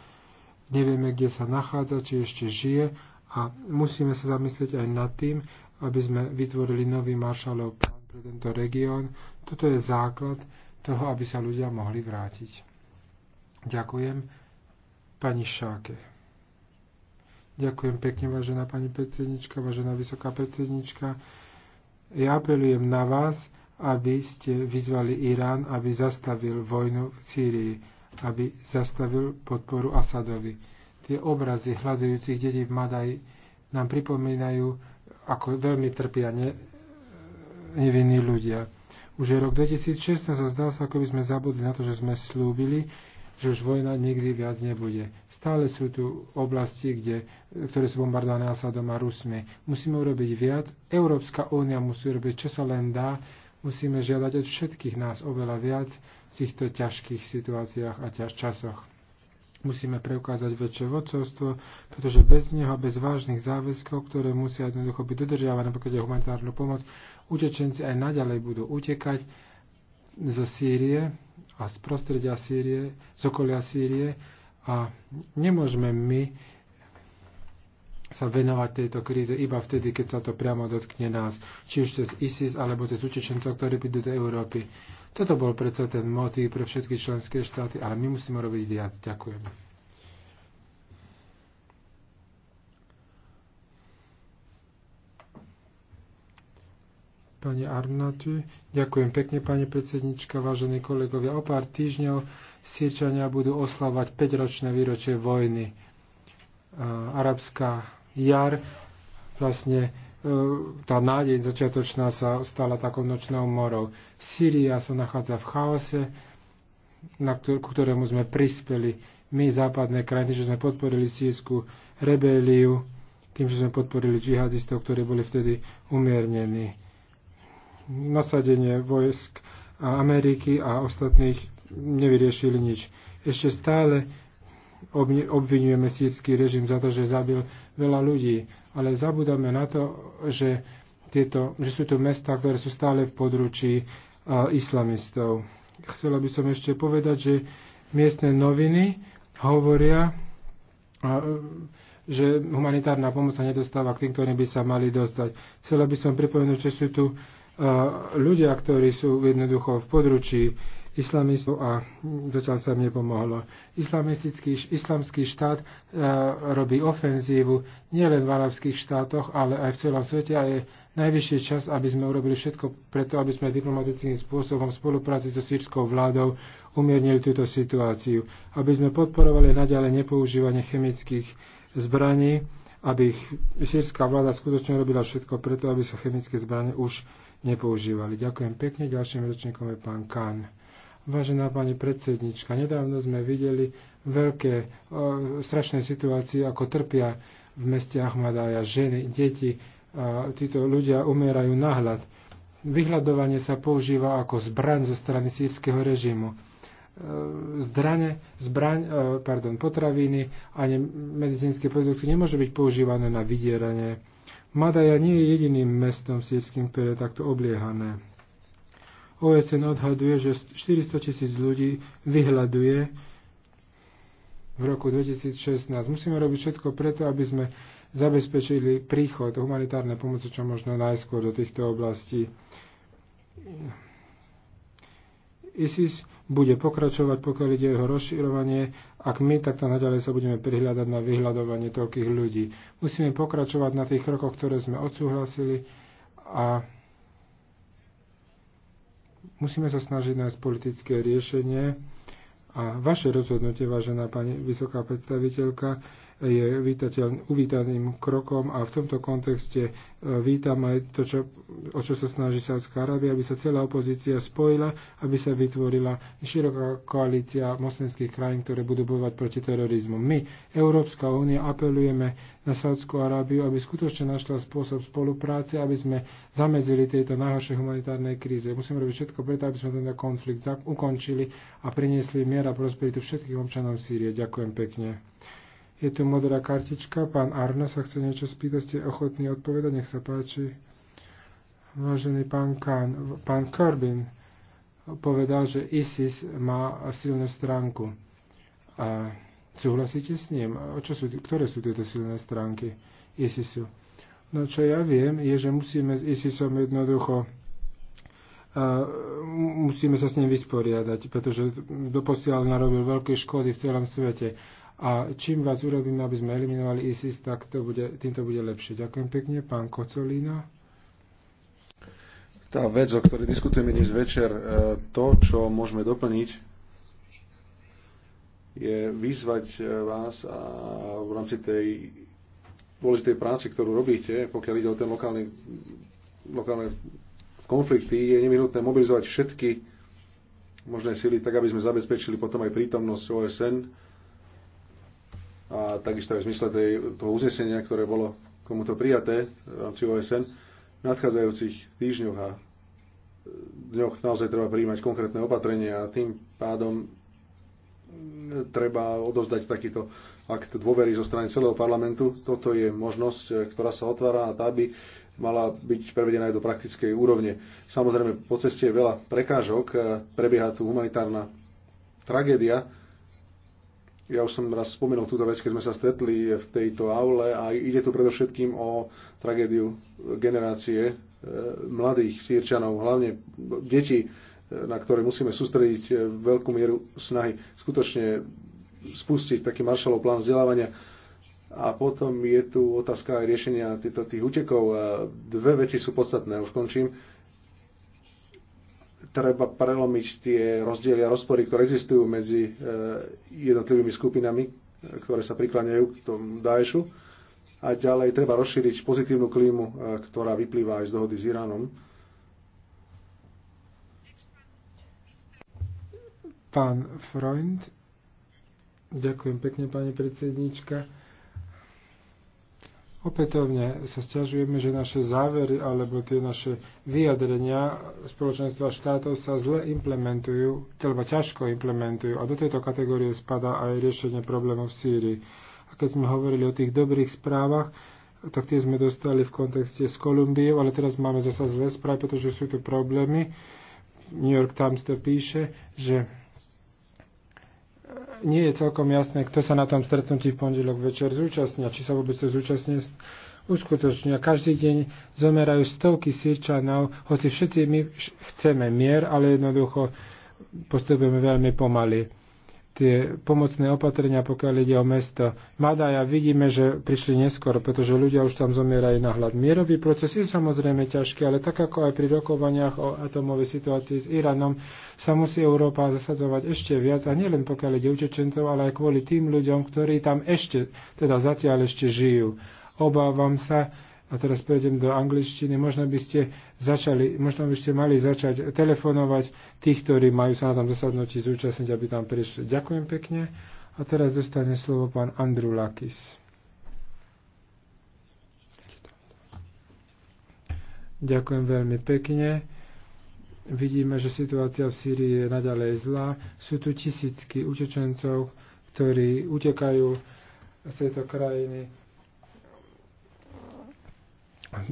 Nevieme, kde sa nachádza, či ešte žije. A musíme sa zamyslieť aj nad tým, aby sme vytvorili nový maršalov plán pre tento región. Toto je základ toho, aby sa ľudia mohli vrátiť. Ďakujem. Pani Šáke. Ďakujem pekne, vážená pani predsednička, vážená vysoká predsednička. Ja apelujem na vás, aby ste vyzvali Irán, aby zastavil vojnu v Sýrii, aby zastavil podporu Asadovi. Tie obrazy hľadujúcich detí v Madaji nám pripomínajú, ako veľmi trpia ne, nevinní ľudia. Už je rok 2016 a zdá sa, ako by sme zabudli na to, že sme slúbili, že už vojna nikdy viac nebude. Stále sú tu oblasti, kde, ktoré sú bombardované Asadom a Rusmi. Musíme urobiť viac. Európska únia musí urobiť, čo sa len dá. Musíme žiadať od všetkých nás oveľa viac v týchto ťažkých situáciách a ťaž časoch. Musíme preukázať väčšie vodcovstvo, pretože bez neho, bez vážnych záväzkov, ktoré musia jednoducho byť dodržiavané, pokiaľ je humanitárnu pomoc, utečenci aj naďalej budú utekať zo Sýrie a z prostredia Sýrie, z okolia Sýrie a nemôžeme my sa venovať tejto kríze iba vtedy, keď sa to priamo dotkne nás, či už cez ISIS alebo cez utečencov, ktorí prídu do Európy. Toto bol predsa ten motív pre všetky členské štáty, ale my musíme robiť viac. Ďakujem. pani Arnatu. Ďakujem pekne, pani predsednička, vážení kolegovia. O pár týždňov Sýrčania budú oslavať 5-ročné výročie vojny. E, arabská jar, vlastne e, tá nádej začiatočná sa stala takou nočnou morou. Sýria sa nachádza v chaose, na ktor- ku ktorému sme prispeli my, západné krajiny, že sme podporili sírsku rebeliu, tým, že sme podporili džihadistov, ktorí boli vtedy umiernení nasadenie vojsk Ameriky a ostatných nevyriešili nič. Ešte stále obvinujeme sírsky režim za to, že zabil veľa ľudí, ale zabudáme na to, že, tieto, že sú to mesta, ktoré sú stále v područí a, islamistov. Chcela by som ešte povedať, že miestne noviny hovoria, a, že humanitárna pomoc sa nedostáva k tým, ktorým by sa mali dostať. Chcela by som pripomenúť, že sú tu ľudia, ktorí sú jednoducho v područí islamistov a zatiaľ sa mne pomohlo. Islamistický, islamský štát e, robí ofenzívu nielen v arabských štátoch, ale aj v celom svete a je najvyšší čas, aby sme urobili všetko preto, aby sme diplomatickým spôsobom v spolupráci so sírskou vládou umiernili túto situáciu. Aby sme podporovali naďalej nepoužívanie chemických zbraní, aby sírska vláda skutočne robila všetko preto, aby sa chemické zbranie už nepoužívali. Ďakujem pekne. Ďalším rečníkom je pán Kán. Vážená pani predsednička, nedávno sme videli veľké e, strašné situácie, ako trpia v meste Ahmadája ženy, deti. A e, títo ľudia umierajú na hlad. Vyhľadovanie sa používa ako zbraň zo strany sírskeho režimu zdrane, zbraň, e, pardon, potraviny a ne, medicínske produkty nemôže byť používané na vydieranie. Madaja nie je jediným mestom sírským, ktoré je takto obliehané. OSN odhaduje, že 400 tisíc ľudí vyhľaduje v roku 2016. Musíme robiť všetko preto, aby sme zabezpečili príchod humanitárnej pomoci čo možno najskôr do týchto oblastí ISIS bude pokračovať, pokiaľ ide jeho rozširovanie. Ak my, takto naďalej sa budeme prihľadať na vyhľadovanie toľkých ľudí. Musíme pokračovať na tých krokoch, ktoré sme odsúhlasili a musíme sa snažiť nájsť politické riešenie. A vaše rozhodnutie, vážená pani vysoká predstaviteľka, je uvítaným krokom a v tomto kontexte e, vítam aj to, čo, o čo sa snaží Sádska Arábia, aby sa celá opozícia spojila, aby sa vytvorila široká koalícia moslimských krajín, ktoré budú bojovať proti terorizmu. My, Európska únia, apelujeme na Sádskú Arábiu, aby skutočne našla spôsob spolupráce, aby sme zamedzili tejto najhoršej humanitárnej kríze. Musíme robiť všetko preto, aby sme tento konflikt ukončili a priniesli mier a prosperitu všetkým občanom Sýrie. Ďakujem pekne. Je tu modrá kartička. Pán Arno sa chce niečo spýtať. Ste ochotní odpovedať? Nech sa páči. Vážený pán, Kán, pán Corbyn povedal, že ISIS má silnú stránku. A súhlasíte s ním? O čo sú, ktoré sú tieto silné stránky ISISu? No čo ja viem, je, že musíme s ISISom jednoducho a musíme sa s ním vysporiadať, pretože doposiaľ narobil veľké škody v celom svete. A čím vás urobíme, aby sme eliminovali ISIS, tak to bude, týmto bude lepšie. Ďakujem pekne, pán Kocolina. Tá vec, o ktorej diskutujeme dnes večer, e, to, čo môžeme doplniť, je vyzvať e, vás a v rámci tej dôležitej práce, ktorú robíte, pokiaľ ide o ten lokálny, lokálne konflikty, je nevyhnutné mobilizovať všetky možné sily, tak aby sme zabezpečili potom aj prítomnosť OSN a takisto aj v zmysle tej, toho uznesenia, ktoré bolo komuto prijaté v rámci OSN, v nadchádzajúcich týždňoch a dňoch naozaj treba príjmať konkrétne opatrenia a tým pádom treba odovzdať takýto akt dôvery zo strany celého parlamentu. Toto je možnosť, ktorá sa otvára a tá by mala byť prevedená aj do praktickej úrovne. Samozrejme, po ceste je veľa prekážok, prebieha tu humanitárna tragédia, ja už som raz spomenul túto vec, keď sme sa stretli v tejto aule a ide tu predovšetkým o tragédiu generácie e, mladých sírčanov, hlavne detí, e, na ktoré musíme sústrediť e, veľkú mieru snahy skutočne spustiť taký maršalov plán vzdelávania. A potom je tu otázka aj riešenia týchto, tých utekov. Dve veci sú podstatné, už končím treba prelomiť tie rozdiely a rozpory, ktoré existujú medzi e, jednotlivými skupinami, e, ktoré sa prikláňajú k tomu Daešu. A ďalej treba rozšíriť pozitívnu klímu, e, ktorá vyplýva aj z dohody s Iránom. Pán Freund, ďakujem pekne, pani predsednička. Opätovne sa stiažujeme, že naše závery alebo tie naše vyjadrenia spoločenstva štátov sa zle implementujú, alebo teda ťažko implementujú. A do tejto kategórie spadá aj riešenie problémov v Sýrii. A keď sme hovorili o tých dobrých správach, tak tie sme dostali v kontexte s Kolumbiou, ale teraz máme zasa zlé správy, pretože sú tu problémy. New York Times to píše, že nie je celkom jasné, kto sa na tom stretnutí v pondelok večer zúčastnia, či sa vôbec to zúčastnia uskutočnia. Každý deň zomerajú stovky sírčanov, hoci všetci my chceme mier, ale jednoducho postupujeme veľmi pomaly tie pomocné opatrenia, pokiaľ ide o mesto Madaja, vidíme, že prišli neskoro, pretože ľudia už tam zomierajú na hlad. Mierový proces je samozrejme ťažký, ale tak ako aj pri rokovaniach o atomovej situácii s Iránom, sa musí Európa zasadzovať ešte viac, a nielen pokiaľ ide utečencov, ale aj kvôli tým ľuďom, ktorí tam ešte, teda zatiaľ ešte žijú. Obávam sa, a teraz prejdem do angličtiny, možno by ste začali, možno by ste mali začať telefonovať tých, ktorí majú sa na tom zasadnutí zúčastniť, aby tam prišli. Ďakujem pekne. A teraz dostane slovo pán Andrew Lakis. Ďakujem veľmi pekne. Vidíme, že situácia v Sýrii je naďalej zlá. Sú tu tisícky utečencov, ktorí utekajú z tejto krajiny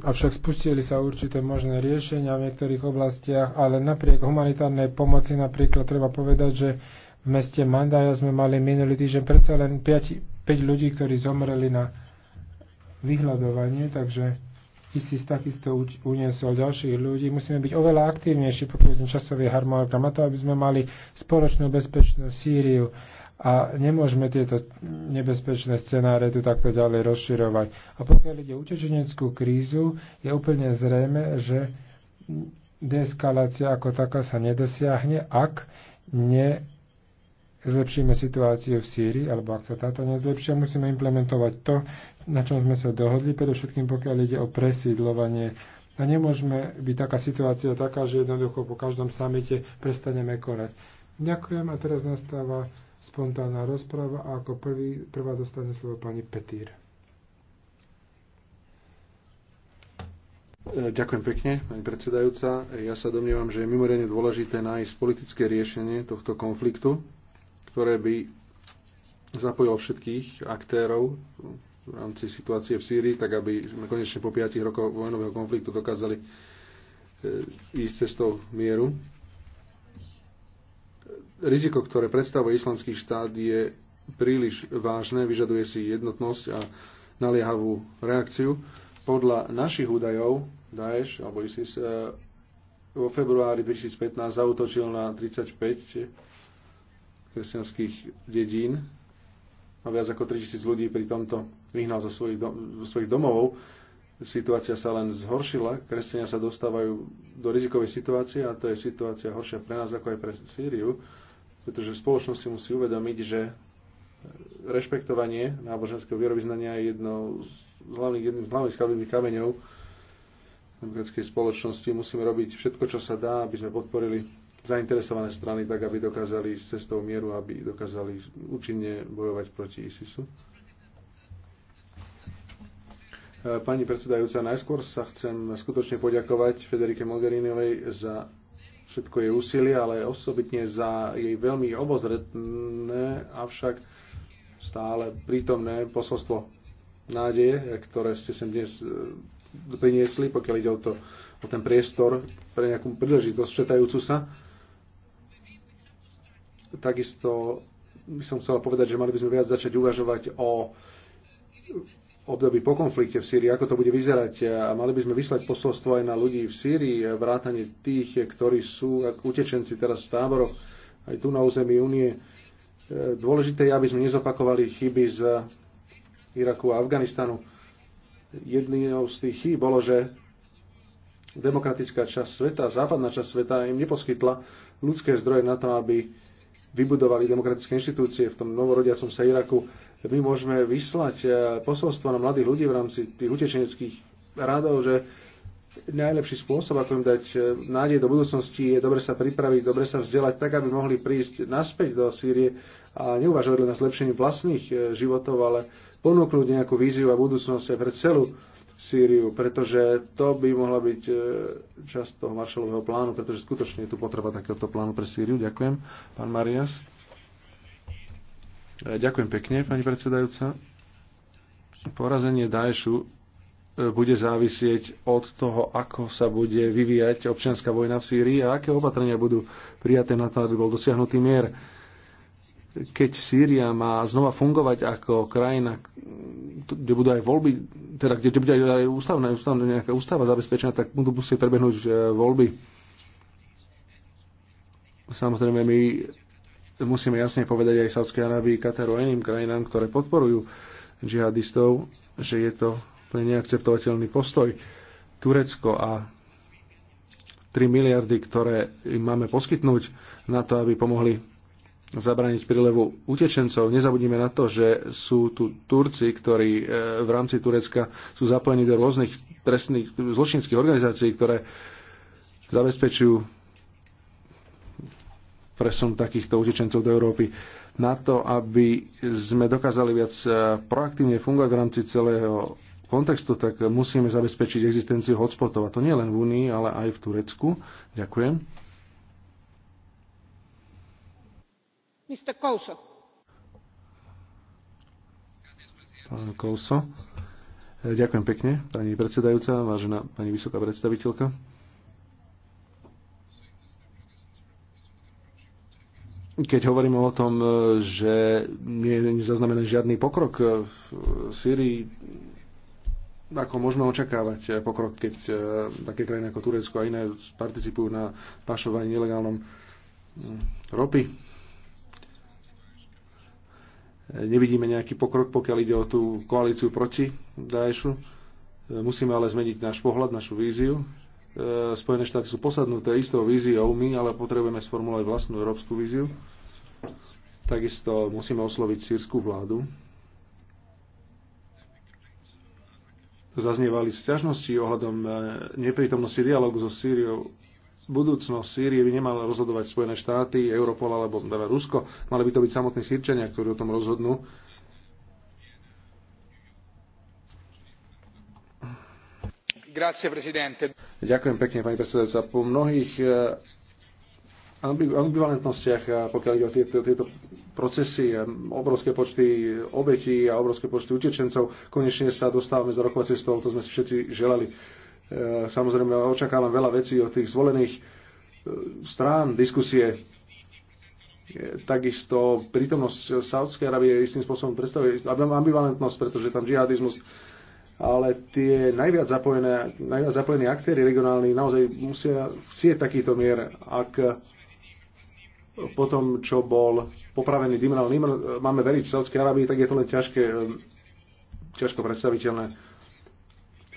Avšak spustili sa určité možné riešenia v niektorých oblastiach, ale napriek humanitárnej pomoci napríklad treba povedať, že v meste Mandaja sme mali minulý týždeň predsa len 5, 5 ľudí, ktorí zomreli na vyhľadovanie, takže ISIS takisto uniesol ďalších ľudí. Musíme byť oveľa aktívnejší, pokiaľ ten časový harmonogram, a to, aby sme mali spoločnú bezpečnú Sýriu a nemôžeme tieto nebezpečné scenáre tu takto ďalej rozširovať. A pokiaľ ide o utečeneckú krízu, je úplne zrejme, že deeskalácia ako taká sa nedosiahne, ak ne zlepšíme situáciu v Sýrii, alebo ak sa táto nezlepšia, musíme implementovať to, na čom sme sa dohodli, predovšetkým pokiaľ ide o presídlovanie. A nemôžeme byť taká situácia taká, že jednoducho po každom samite prestaneme konať. Ďakujem a teraz nastáva spontánna rozprava a ako prvý, prvá dostane slovo pani Petír. E, ďakujem pekne, pani predsedajúca. Ja sa domnievam, že je mimoriadne dôležité nájsť politické riešenie tohto konfliktu, ktoré by zapojilo všetkých aktérov v rámci situácie v Sýrii, tak aby sme konečne po 5 rokoch vojnového konfliktu dokázali e, ísť cestou mieru riziko, ktoré predstavuje islamský štát, je príliš vážne, vyžaduje si jednotnosť a naliehavú reakciu. Podľa našich údajov Daesh alebo ISIS e, vo februári 2015 zautočil na 35 kresťanských dedín a viac ako 3000 ľudí pri tomto vyhnal zo svojich, zo svojich domovov situácia sa len zhoršila, kresťania sa dostávajú do rizikovej situácie a to je situácia horšia pre nás ako aj pre Sýriu, pretože spoločnosť si musí uvedomiť, že rešpektovanie náboženského vierovýznania je jednou z hlavných, jedným z hlavných skladbých kameňov demokratickej spoločnosti. Musíme robiť všetko, čo sa dá, aby sme podporili zainteresované strany tak, aby dokázali s cestou mieru, aby dokázali účinne bojovať proti ISISu. Pani predsedajúca, najskôr sa chcem skutočne poďakovať Federike Mogherinovej za všetko jej úsilie, ale osobitne za jej veľmi obozretné, avšak stále prítomné posolstvo nádeje, ktoré ste sem dnes e, priniesli, pokiaľ ide o, to, o ten priestor pre nejakú príležitosť všetajúcu sa. Takisto by som chcela povedať, že mali by sme viac začať uvažovať o období po konflikte v Sýrii, ako to bude vyzerať. A mali by sme vyslať posolstvo aj na ľudí v Sýrii, vrátane tých, ktorí sú ako utečenci teraz v táboroch, aj tu na území únie. E, dôležité je, aby sme nezopakovali chyby z Iraku a Afganistanu. Jednou z tých chýb bolo, že demokratická časť sveta, západná časť sveta im neposkytla ľudské zdroje na to, aby vybudovali demokratické inštitúcie v tom novorodiacom sa Iraku že my môžeme vyslať eh, posolstvo na mladých ľudí v rámci tých utečeneckých radov, že najlepší spôsob, ako im dať eh, nádej do budúcnosti, je dobre sa pripraviť, dobre sa vzdelať, tak aby mohli prísť naspäť do Sýrie a neuvažovať na zlepšení vlastných eh, životov, ale ponúknuť nejakú víziu a budúcnosť aj pre celú Sýriu, pretože to by mohla byť časť toho maršalového plánu, pretože skutočne je tu potreba takéhoto plánu pre Sýriu. Ďakujem, pán Marias. E, ďakujem pekne, pani predsedajúca. Porazenie Daešu e, bude závisieť od toho, ako sa bude vyvíjať občianská vojna v Sýrii a aké opatrenia budú prijaté na to, aby bol dosiahnutý mier. Keď Sýria má znova fungovať ako krajina, kde budú aj voľby, teda kde, bude aj ústavná, ústavná nejaká ústava zabezpečená, tak budú musieť prebehnúť e, voľby. Samozrejme, my musíme jasne povedať aj Sádskej Arábii, Kataru a iným krajinám, ktoré podporujú džihadistov, že je to plne neakceptovateľný postoj. Turecko a 3 miliardy, ktoré im máme poskytnúť na to, aby pomohli zabrániť prílevu utečencov. Nezabudnime na to, že sú tu Turci, ktorí e, v rámci Turecka sú zapojení do rôznych trestných zločinských organizácií, ktoré zabezpečujú presun takýchto utečencov do Európy. Na to, aby sme dokázali viac eh, proaktívne fungovať v rámci celého kontextu, tak musíme zabezpečiť existenciu hotspotov. A to nie len v Únii, ale aj v Turecku. Ďakujem. Mr. Kouso. Pán Kouso. Eh, ďakujem pekne, pani predsedajúca, vážená pani vysoká predstaviteľka. keď hovoríme o tom, e, že nie je zaznamenaný žiadny pokrok e, v Syrii, ako môžeme očakávať e, pokrok, keď také krajiny ako Turecko a iné participujú na pašovaní nelegálnom mm, ropy. Nevidíme nejaký pokrok, pokiaľ ide o tú koalíciu proti Daešu. Musíme ale zmeniť náš pohľad, našu víziu E, Spojené štáty sú posadnuté istou víziou, my ale potrebujeme sformulovať vlastnú európsku víziu. Takisto musíme osloviť sírskú vládu. Zaznievali sťažnosti ohľadom e, neprítomnosti dialogu so Sýriou. Budúcnosť Sýrie by nemala rozhodovať Spojené štáty, Europol alebo teda Rusko. Mali by to byť samotní Sýrčania, ktorí o tom rozhodnú. Grazie, presidente. Ďakujem pekne, pani predsedajúca. Po mnohých eh, ambivalentnostiach, eh, pokiaľ ide o tieto, tieto procesy, eh, obrovské počty obetí a obrovské počty utečencov, konečne sa dostávame za rokovacie stôl, to sme si všetci želali. Samozrejme, očakávam veľa vecí od tých zvolených strán diskusie. Takisto prítomnosť Saudskej Arábie istým spôsobom predstavuje ambivalentnosť, pretože tam džihadizmus ale tie najviac, zapojené, najviac zapojení aktéry regionálni naozaj musia chcieť takýto mier. Ak po tom, čo bol popravený Dimral Nimr, máme veriť v Saudskej Arábii, tak je to len ťažké, ťažko predstaviteľné.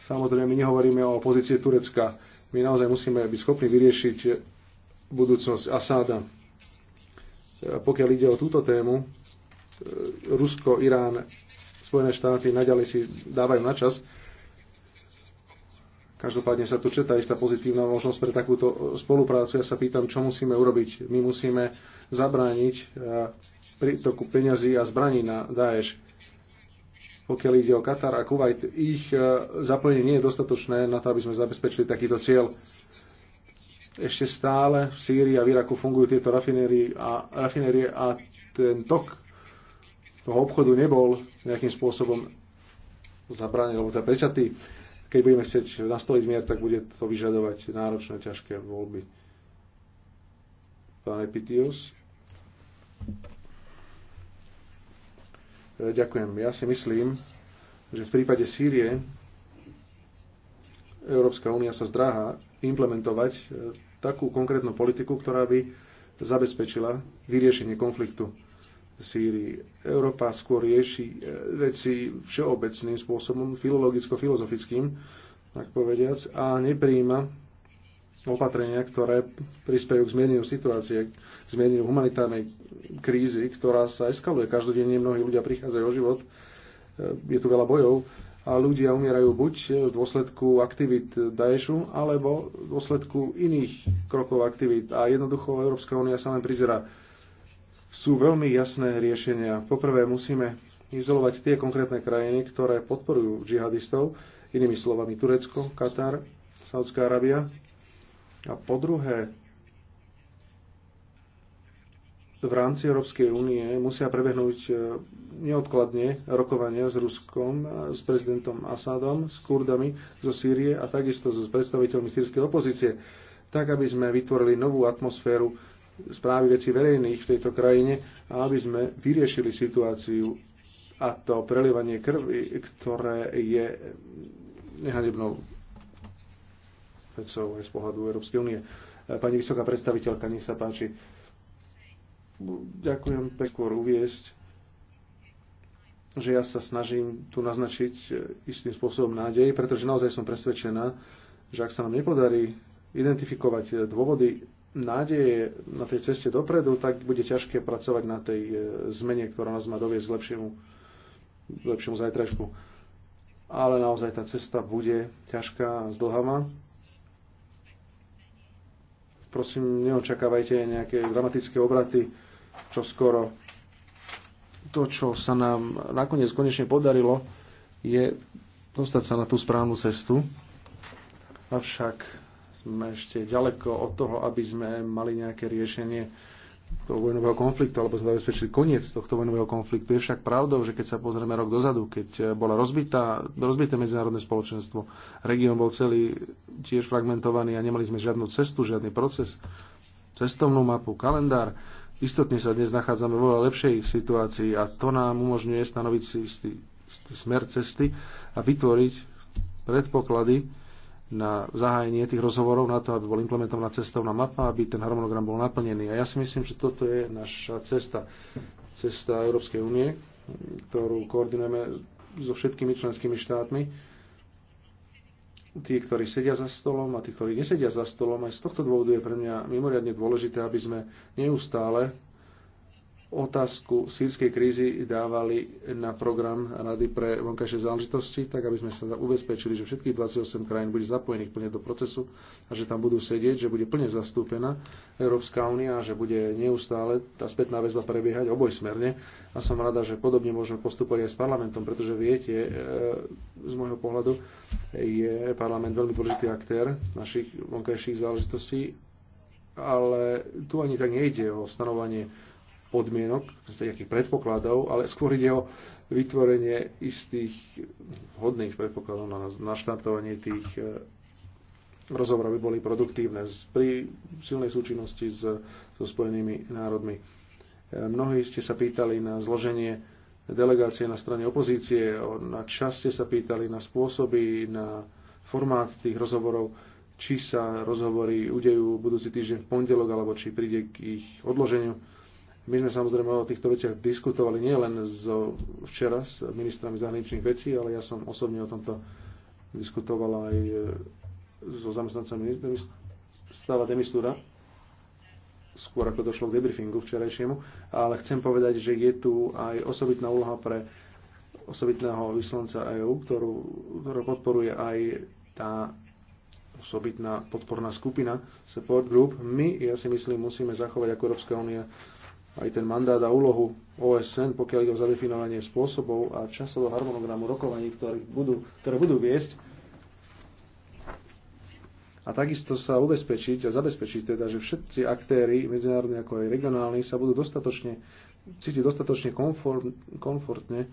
Samozrejme, my nehovoríme o pozícii Turecka. My naozaj musíme byť schopní vyriešiť budúcnosť Asáda. Pokiaľ ide o túto tému, Rusko, Irán, Spojené štáty naďalej si dávajú na čas. Každopádne sa tu četá istá pozitívna možnosť pre takúto spoluprácu. Ja sa pýtam, čo musíme urobiť. My musíme zabrániť eh, prítoku peňazí a zbraní na Daesh. Pokiaľ ide o Katar a Kuwait, ich eh, zapojenie nie je dostatočné na to, aby sme zabezpečili takýto cieľ. Ešte stále v Sýrii a v Iraku fungujú tieto rafinérie a, rafinérie a ten tok toho obchodu nebol nejakým spôsobom zabranený, alebo teda prečatý. Keď budeme chcieť nastoliť mier, tak bude to vyžadovať náročné, ťažké voľby. Pán Epitius. E, ďakujem. Ja si myslím, že v prípade Sýrie Európska únia sa zdráha implementovať e, takú konkrétnu politiku, ktorá by zabezpečila vyriešenie konfliktu. Sýrii. Európa skôr rieši e, veci všeobecným spôsobom, filologicko-filozofickým, tak povediac, a nepríjima opatrenia, ktoré prispejú k zmieneniu situácie, k zmieneniu humanitárnej krízy, ktorá sa eskaluje. Každodenne mnohí ľudia prichádzajú o život, e, je tu veľa bojov a ľudia umierajú buď v dôsledku aktivít Daešu, alebo v dôsledku iných krokov aktivít. A jednoducho Európska únia sa len prizera sú veľmi jasné riešenia. Poprvé musíme izolovať tie konkrétne krajiny, ktoré podporujú džihadistov, inými slovami Turecko, Katar, Saudská Arábia. A po druhé, v rámci Európskej únie musia prebehnúť e, neodkladne rokovania s Ruskom, e, s prezidentom Asadom, s Kurdami zo Sýrie a takisto s predstaviteľmi sírskej opozície, tak aby sme vytvorili novú atmosféru správy veci verejných v tejto krajine a aby sme vyriešili situáciu a to prelievanie krvi, ktoré je nehanebnou vecou aj z pohľadu Európskej únie. Pani vysoká predstaviteľka, nech sa páči. Ďakujem pekor uviesť, že ja sa snažím tu naznačiť istým spôsobom nádej, pretože naozaj som presvedčená, že ak sa nám nepodarí identifikovať dôvody nádeje na tej ceste dopredu, tak bude ťažké pracovať na tej e, zmene, ktorá nás má doviesť k lepšiemu, k lepšiemu zajtrajšku. Ale naozaj tá cesta bude ťažká a zdlhavá. Prosím, neočakávajte nejaké dramatické obraty, čo skoro to, čo sa nám nakoniec konečne podarilo, je dostať sa na tú správnu cestu. Avšak sme ešte ďaleko od toho, aby sme mali nejaké riešenie toho vojnového konfliktu alebo sme zabezpečili koniec tohto vojnového konfliktu. Je však pravdou, že keď sa pozrieme rok dozadu, keď bola rozbitá, rozbité medzinárodné spoločenstvo, región bol celý tiež fragmentovaný a nemali sme žiadnu cestu, žiadny proces, cestovnú mapu, kalendár, istotne sa dnes nachádzame v oveľa lepšej situácii a to nám umožňuje stanoviť si istý, istý smer cesty a vytvoriť predpoklady, na zahájenie tých rozhovorov, na to, aby bol implementovaná cestovná mapa, aby ten harmonogram bol naplnený. A ja si myslím, že toto je naša cesta, cesta Európskej únie, ktorú koordinujeme so všetkými členskými štátmi. Tí, ktorí sedia za stolom a tí, ktorí nesedia za stolom, aj z tohto dôvodu je pre mňa mimoriadne dôležité, aby sme neustále otázku sírskej krízy dávali na program Rady pre vonkajšie záležitosti, tak aby sme sa ubezpečili, že všetkých 28 krajín bude zapojených plne do procesu a že tam budú sedieť, že bude plne zastúpená Európska únia a že bude neustále tá spätná väzba prebiehať obojsmerne. A som rada, že podobne môžeme postupovať aj s parlamentom, pretože viete, e, z môjho pohľadu je parlament veľmi dôležitý aktér našich vonkajších záležitostí, ale tu ani tak nejde o stanovanie podmienok, nejakých predpokladov, ale skôr ide o vytvorenie istých hodných predpokladov na naštartovanie tých e, rozhovorov, aby boli produktívne pri silnej súčinnosti s, so Spojenými národmi. E, mnohí ste sa pýtali na zloženie delegácie na strane opozície, na čas ste sa pýtali na spôsoby, na formát tých rozhovorov, či sa rozhovory udejú budúci týždeň v pondelok, alebo či príde k ich odloženiu my sme samozrejme o týchto veciach diskutovali nielen so včera s ministrami zahraničných vecí, ale ja som osobne o tomto diskutoval aj e, so zamestnancami stáva demistúra, skôr ako došlo k debriefingu včerajšiemu, ale chcem povedať, že je tu aj osobitná úloha pre osobitného vyslanca EU, ktorú, ktorú podporuje aj tá osobitná podporná skupina, support group. My, ja si myslím, musíme zachovať ako Európska únia aj ten mandát a úlohu OSN, pokiaľ ide o zadefinovanie spôsobov a časového harmonogramu rokovaní, ktoré budú, ktoré budú viesť. A takisto sa ubezpečiť a zabezpečiť teda, že všetci aktéry, medzinárodní ako aj regionálni, sa budú dostatočne, cítiť dostatočne komfort, komfortne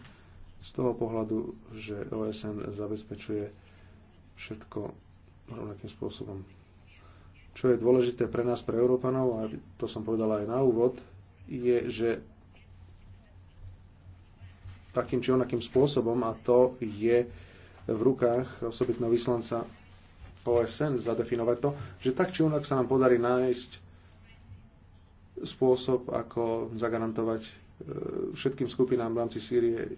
z toho pohľadu, že OSN zabezpečuje všetko rovnakým spôsobom. Čo je dôležité pre nás, pre Európanov, a to som povedal aj na úvod, je, že takým či onakým spôsobom, a to je v rukách osobitného vyslanca OSN zadefinovať to, že tak či onak sa nám podarí nájsť spôsob, ako zagarantovať e, všetkým skupinám v rámci Sýrie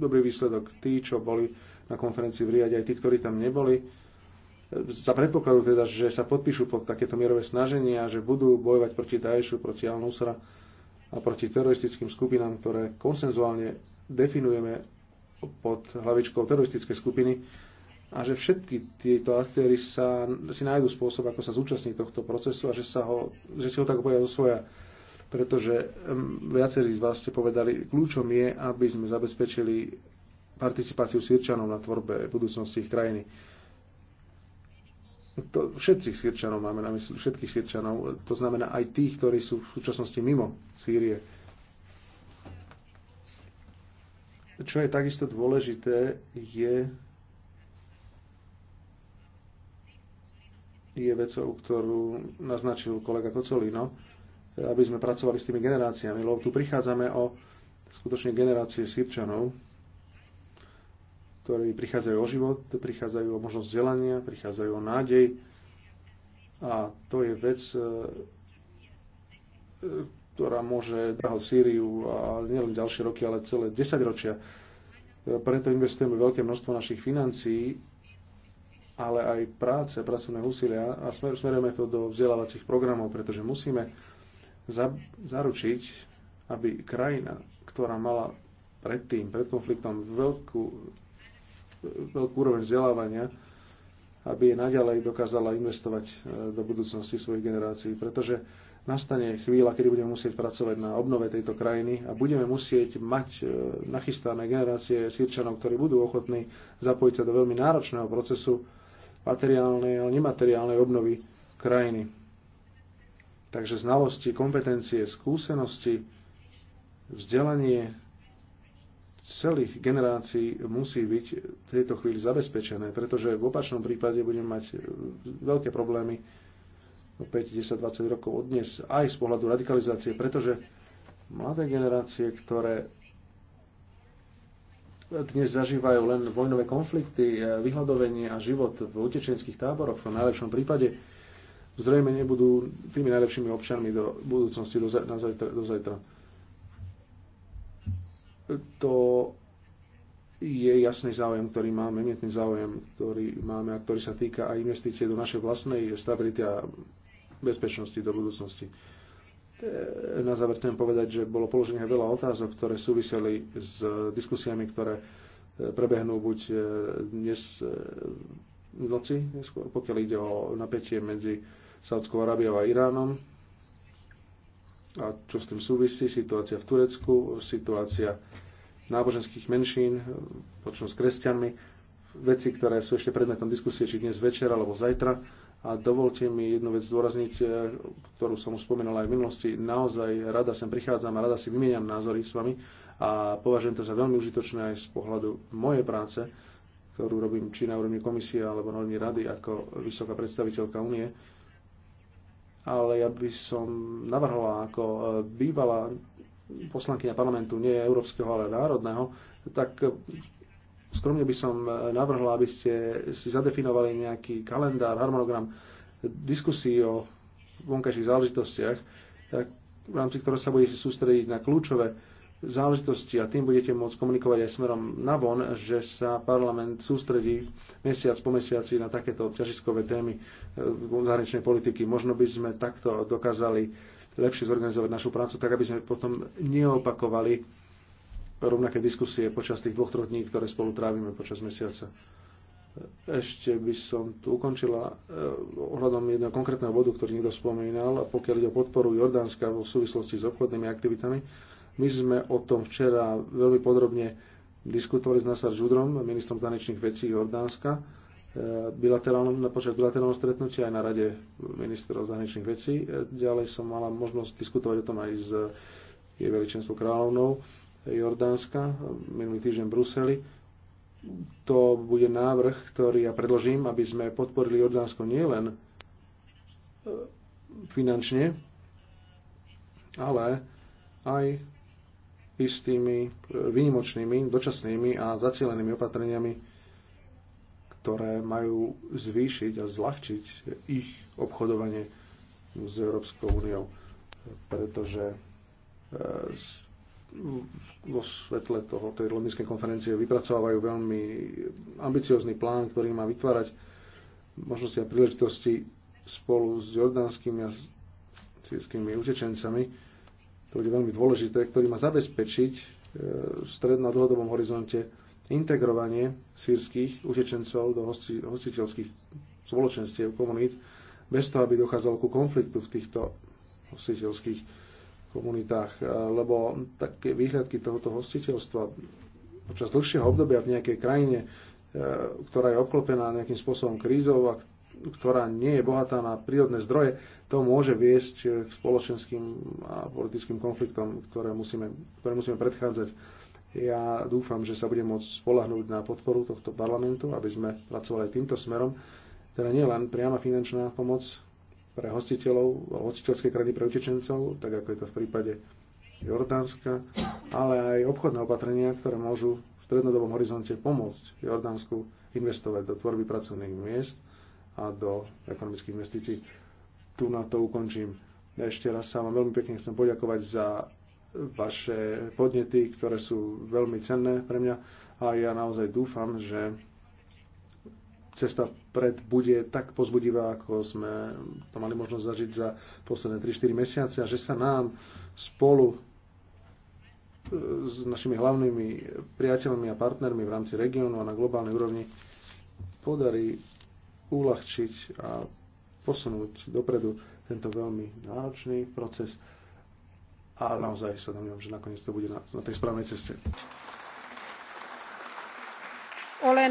dobrý výsledok. Tí, čo boli na konferencii v Riade, aj tí, ktorí tam neboli, e, za predpokladu teda, že sa podpíšu pod takéto mierové snaženia, že budú bojovať proti Daešu, proti Al-Nusra, a proti teroristickým skupinám, ktoré konsenzuálne definujeme pod hlavičkou teroristické skupiny a že všetky tieto aktéry sa, si nájdu spôsob, ako sa zúčastniť tohto procesu a že, sa ho, že si ho tak povedia zo svoja. Pretože mm, viacerí z vás ste povedali, kľúčom je, aby sme zabezpečili participáciu Sírčanov na tvorbe budúcnosti ich krajiny to všetkých Sýrčanov máme na mysli, všetkých Sýrčanov, to znamená aj tých, ktorí sú v súčasnosti mimo Sýrie. Čo je takisto dôležité, je, je vecou, ktorú naznačil kolega Kocolino, aby sme pracovali s tými generáciami, lebo tu prichádzame o skutočne generácie Sýrčanov, ktorí prichádzajú o život, prichádzajú o možnosť vzdelania, prichádzajú o nádej. A to je vec, e, e, ktorá môže draho Sýriu a nielen ďalšie roky, ale celé desaťročia. E, preto investujeme veľké množstvo našich financií, ale aj práce, pracovné úsilia a smerujeme to do vzdelávacích programov, pretože musíme za, zaručiť, aby krajina, ktorá mala predtým, pred konfliktom veľkú veľkú úroveň vzdelávania, aby naďalej dokázala investovať e, do budúcnosti svojich generácií, pretože nastane chvíľa, kedy budeme musieť pracovať na obnove tejto krajiny a budeme musieť mať e, nachystané generácie sírčanov, ktorí budú ochotní zapojiť sa do veľmi náročného procesu materiálnej a nemateriálnej obnovy krajiny. Takže znalosti, kompetencie, skúsenosti, vzdelanie, celých generácií musí byť v tejto chvíli zabezpečené, pretože v opačnom prípade budeme mať e, veľké problémy 5, 10, 20 rokov od dnes aj z pohľadu radikalizácie, pretože mladé generácie, ktoré dnes zažívajú len vojnové konflikty, e, vyhľadovenie a život v utečenských táboroch, v najlepšom prípade, zrejme nebudú tými najlepšími občanmi do budúcnosti, do, zajtra, do zajtra to je jasný záujem, ktorý máme, mietný záujem, ktorý máme a ktorý sa týka aj investície do našej vlastnej stability a bezpečnosti do budúcnosti. E, na záver chcem povedať, že bolo položených veľa otázok, ktoré súviseli s diskusiami, ktoré e, prebehnú buď e, dnes v noci, pokiaľ ide o napätie medzi Saudskou Arábiou a Iránom, a čo s tým súvisí, situácia v Turecku, situácia náboženských menšín, počnú s kresťanmi, veci, ktoré sú ešte predmetom diskusie, či dnes večer alebo zajtra. A dovolte mi jednu vec zdôrazniť, e, ktorú som už spomenul aj v minulosti. Naozaj rada sem prichádzam a rada si vymieňam názory s vami a považujem to za veľmi užitočné aj z pohľadu mojej práce, ktorú robím či na úrovni komisie alebo na úrovni rady ako vysoká predstaviteľka únie ale ja by som navrhovala ako e, bývalá poslankyňa parlamentu, nie európskeho, ale národného, tak skromne by som e, navrhla, aby ste si zadefinovali nejaký kalendár, harmonogram diskusí o vonkajších záležitostiach, v rámci ktorého sa budete sústrediť na kľúčové záležitosti a tým budete môcť komunikovať aj smerom na von, že sa parlament sústredí mesiac po mesiaci na takéto ťažiskové témy e, zahraničnej politiky. Možno by sme takto dokázali lepšie zorganizovať našu prácu, tak aby sme potom neopakovali rovnaké diskusie počas tých dvoch, troch dní, ktoré spolu trávime počas mesiaca. Ešte by som tu ukončila e, ohľadom jedného konkrétneho bodu, ktorý niekto spomínal, pokiaľ ide o podporu Jordánska vo súvislosti s obchodnými aktivitami my sme o tom včera veľmi podrobne diskutovali s Nasar Žudrom, ministrom tanečných vecí Jordánska, eh, bilaterálnom, na počas bilaterálneho stretnutia aj na rade ministrov zahraničných vecí. Eh, ďalej som mala možnosť diskutovať o tom aj s jej veličenstvou kráľovnou Jordánska, eh, minulý týždeň v Bruseli. To bude návrh, ktorý ja predložím, aby sme podporili Jordánsko nielen finančne, ale aj istými výnimočnými, dočasnými a zacielenými opatreniami, ktoré majú zvýšiť a zľahčiť ich obchodovanie s Európskou úniou, pretože e, vo svetle toho, tej londýnskej konferencie vypracovávajú veľmi ambiciózny plán, ktorý má vytvárať možnosti a príležitosti spolu s jordánskymi a sírskymi utečencami, to bude veľmi dôležité, ktorý má zabezpečiť e, v stredno- a dlhodobom horizonte integrovanie sírskych utečencov do hosti, hostiteľských spoločenstiev, komunít, bez toho, aby dochádzalo ku konfliktu v týchto hostiteľských komunitách, e, lebo také výhľadky tohoto hostiteľstva počas dlhšieho obdobia v nejakej krajine, e, ktorá je obklopená nejakým spôsobom krízou a ktorá nie je bohatá na prírodné zdroje, to môže viesť k spoločenským a politickým konfliktom, ktoré musíme, ktoré musíme predchádzať. Ja dúfam, že sa budem môcť spolahnúť na podporu tohto parlamentu, aby sme pracovali týmto smerom. Teda nie len priama finančná pomoc pre hostiteľov, hostiteľské krajiny pre utečencov, tak ako je to v prípade Jordánska, ale aj obchodné opatrenia, ktoré môžu v strednodobom horizonte pomôcť Jordánsku investovať do tvorby pracovných miest, a do ekonomických investícií. Tu na to ukončím. Ešte raz sa vám veľmi pekne chcem poďakovať za vaše podnety, ktoré sú veľmi cenné pre mňa a ja naozaj dúfam, že cesta pred bude tak pozbudivá, ako sme to mali možnosť zažiť za posledné 3-4 mesiace a že sa nám spolu e, s našimi hlavnými priateľmi a partnermi v rámci regiónu a na globálnej úrovni podarí uľahčiť a posunúť dopredu tento veľmi náročný proces a naozaj sa domnívam, že nakoniec to bude na, na tej správnej ceste. Olen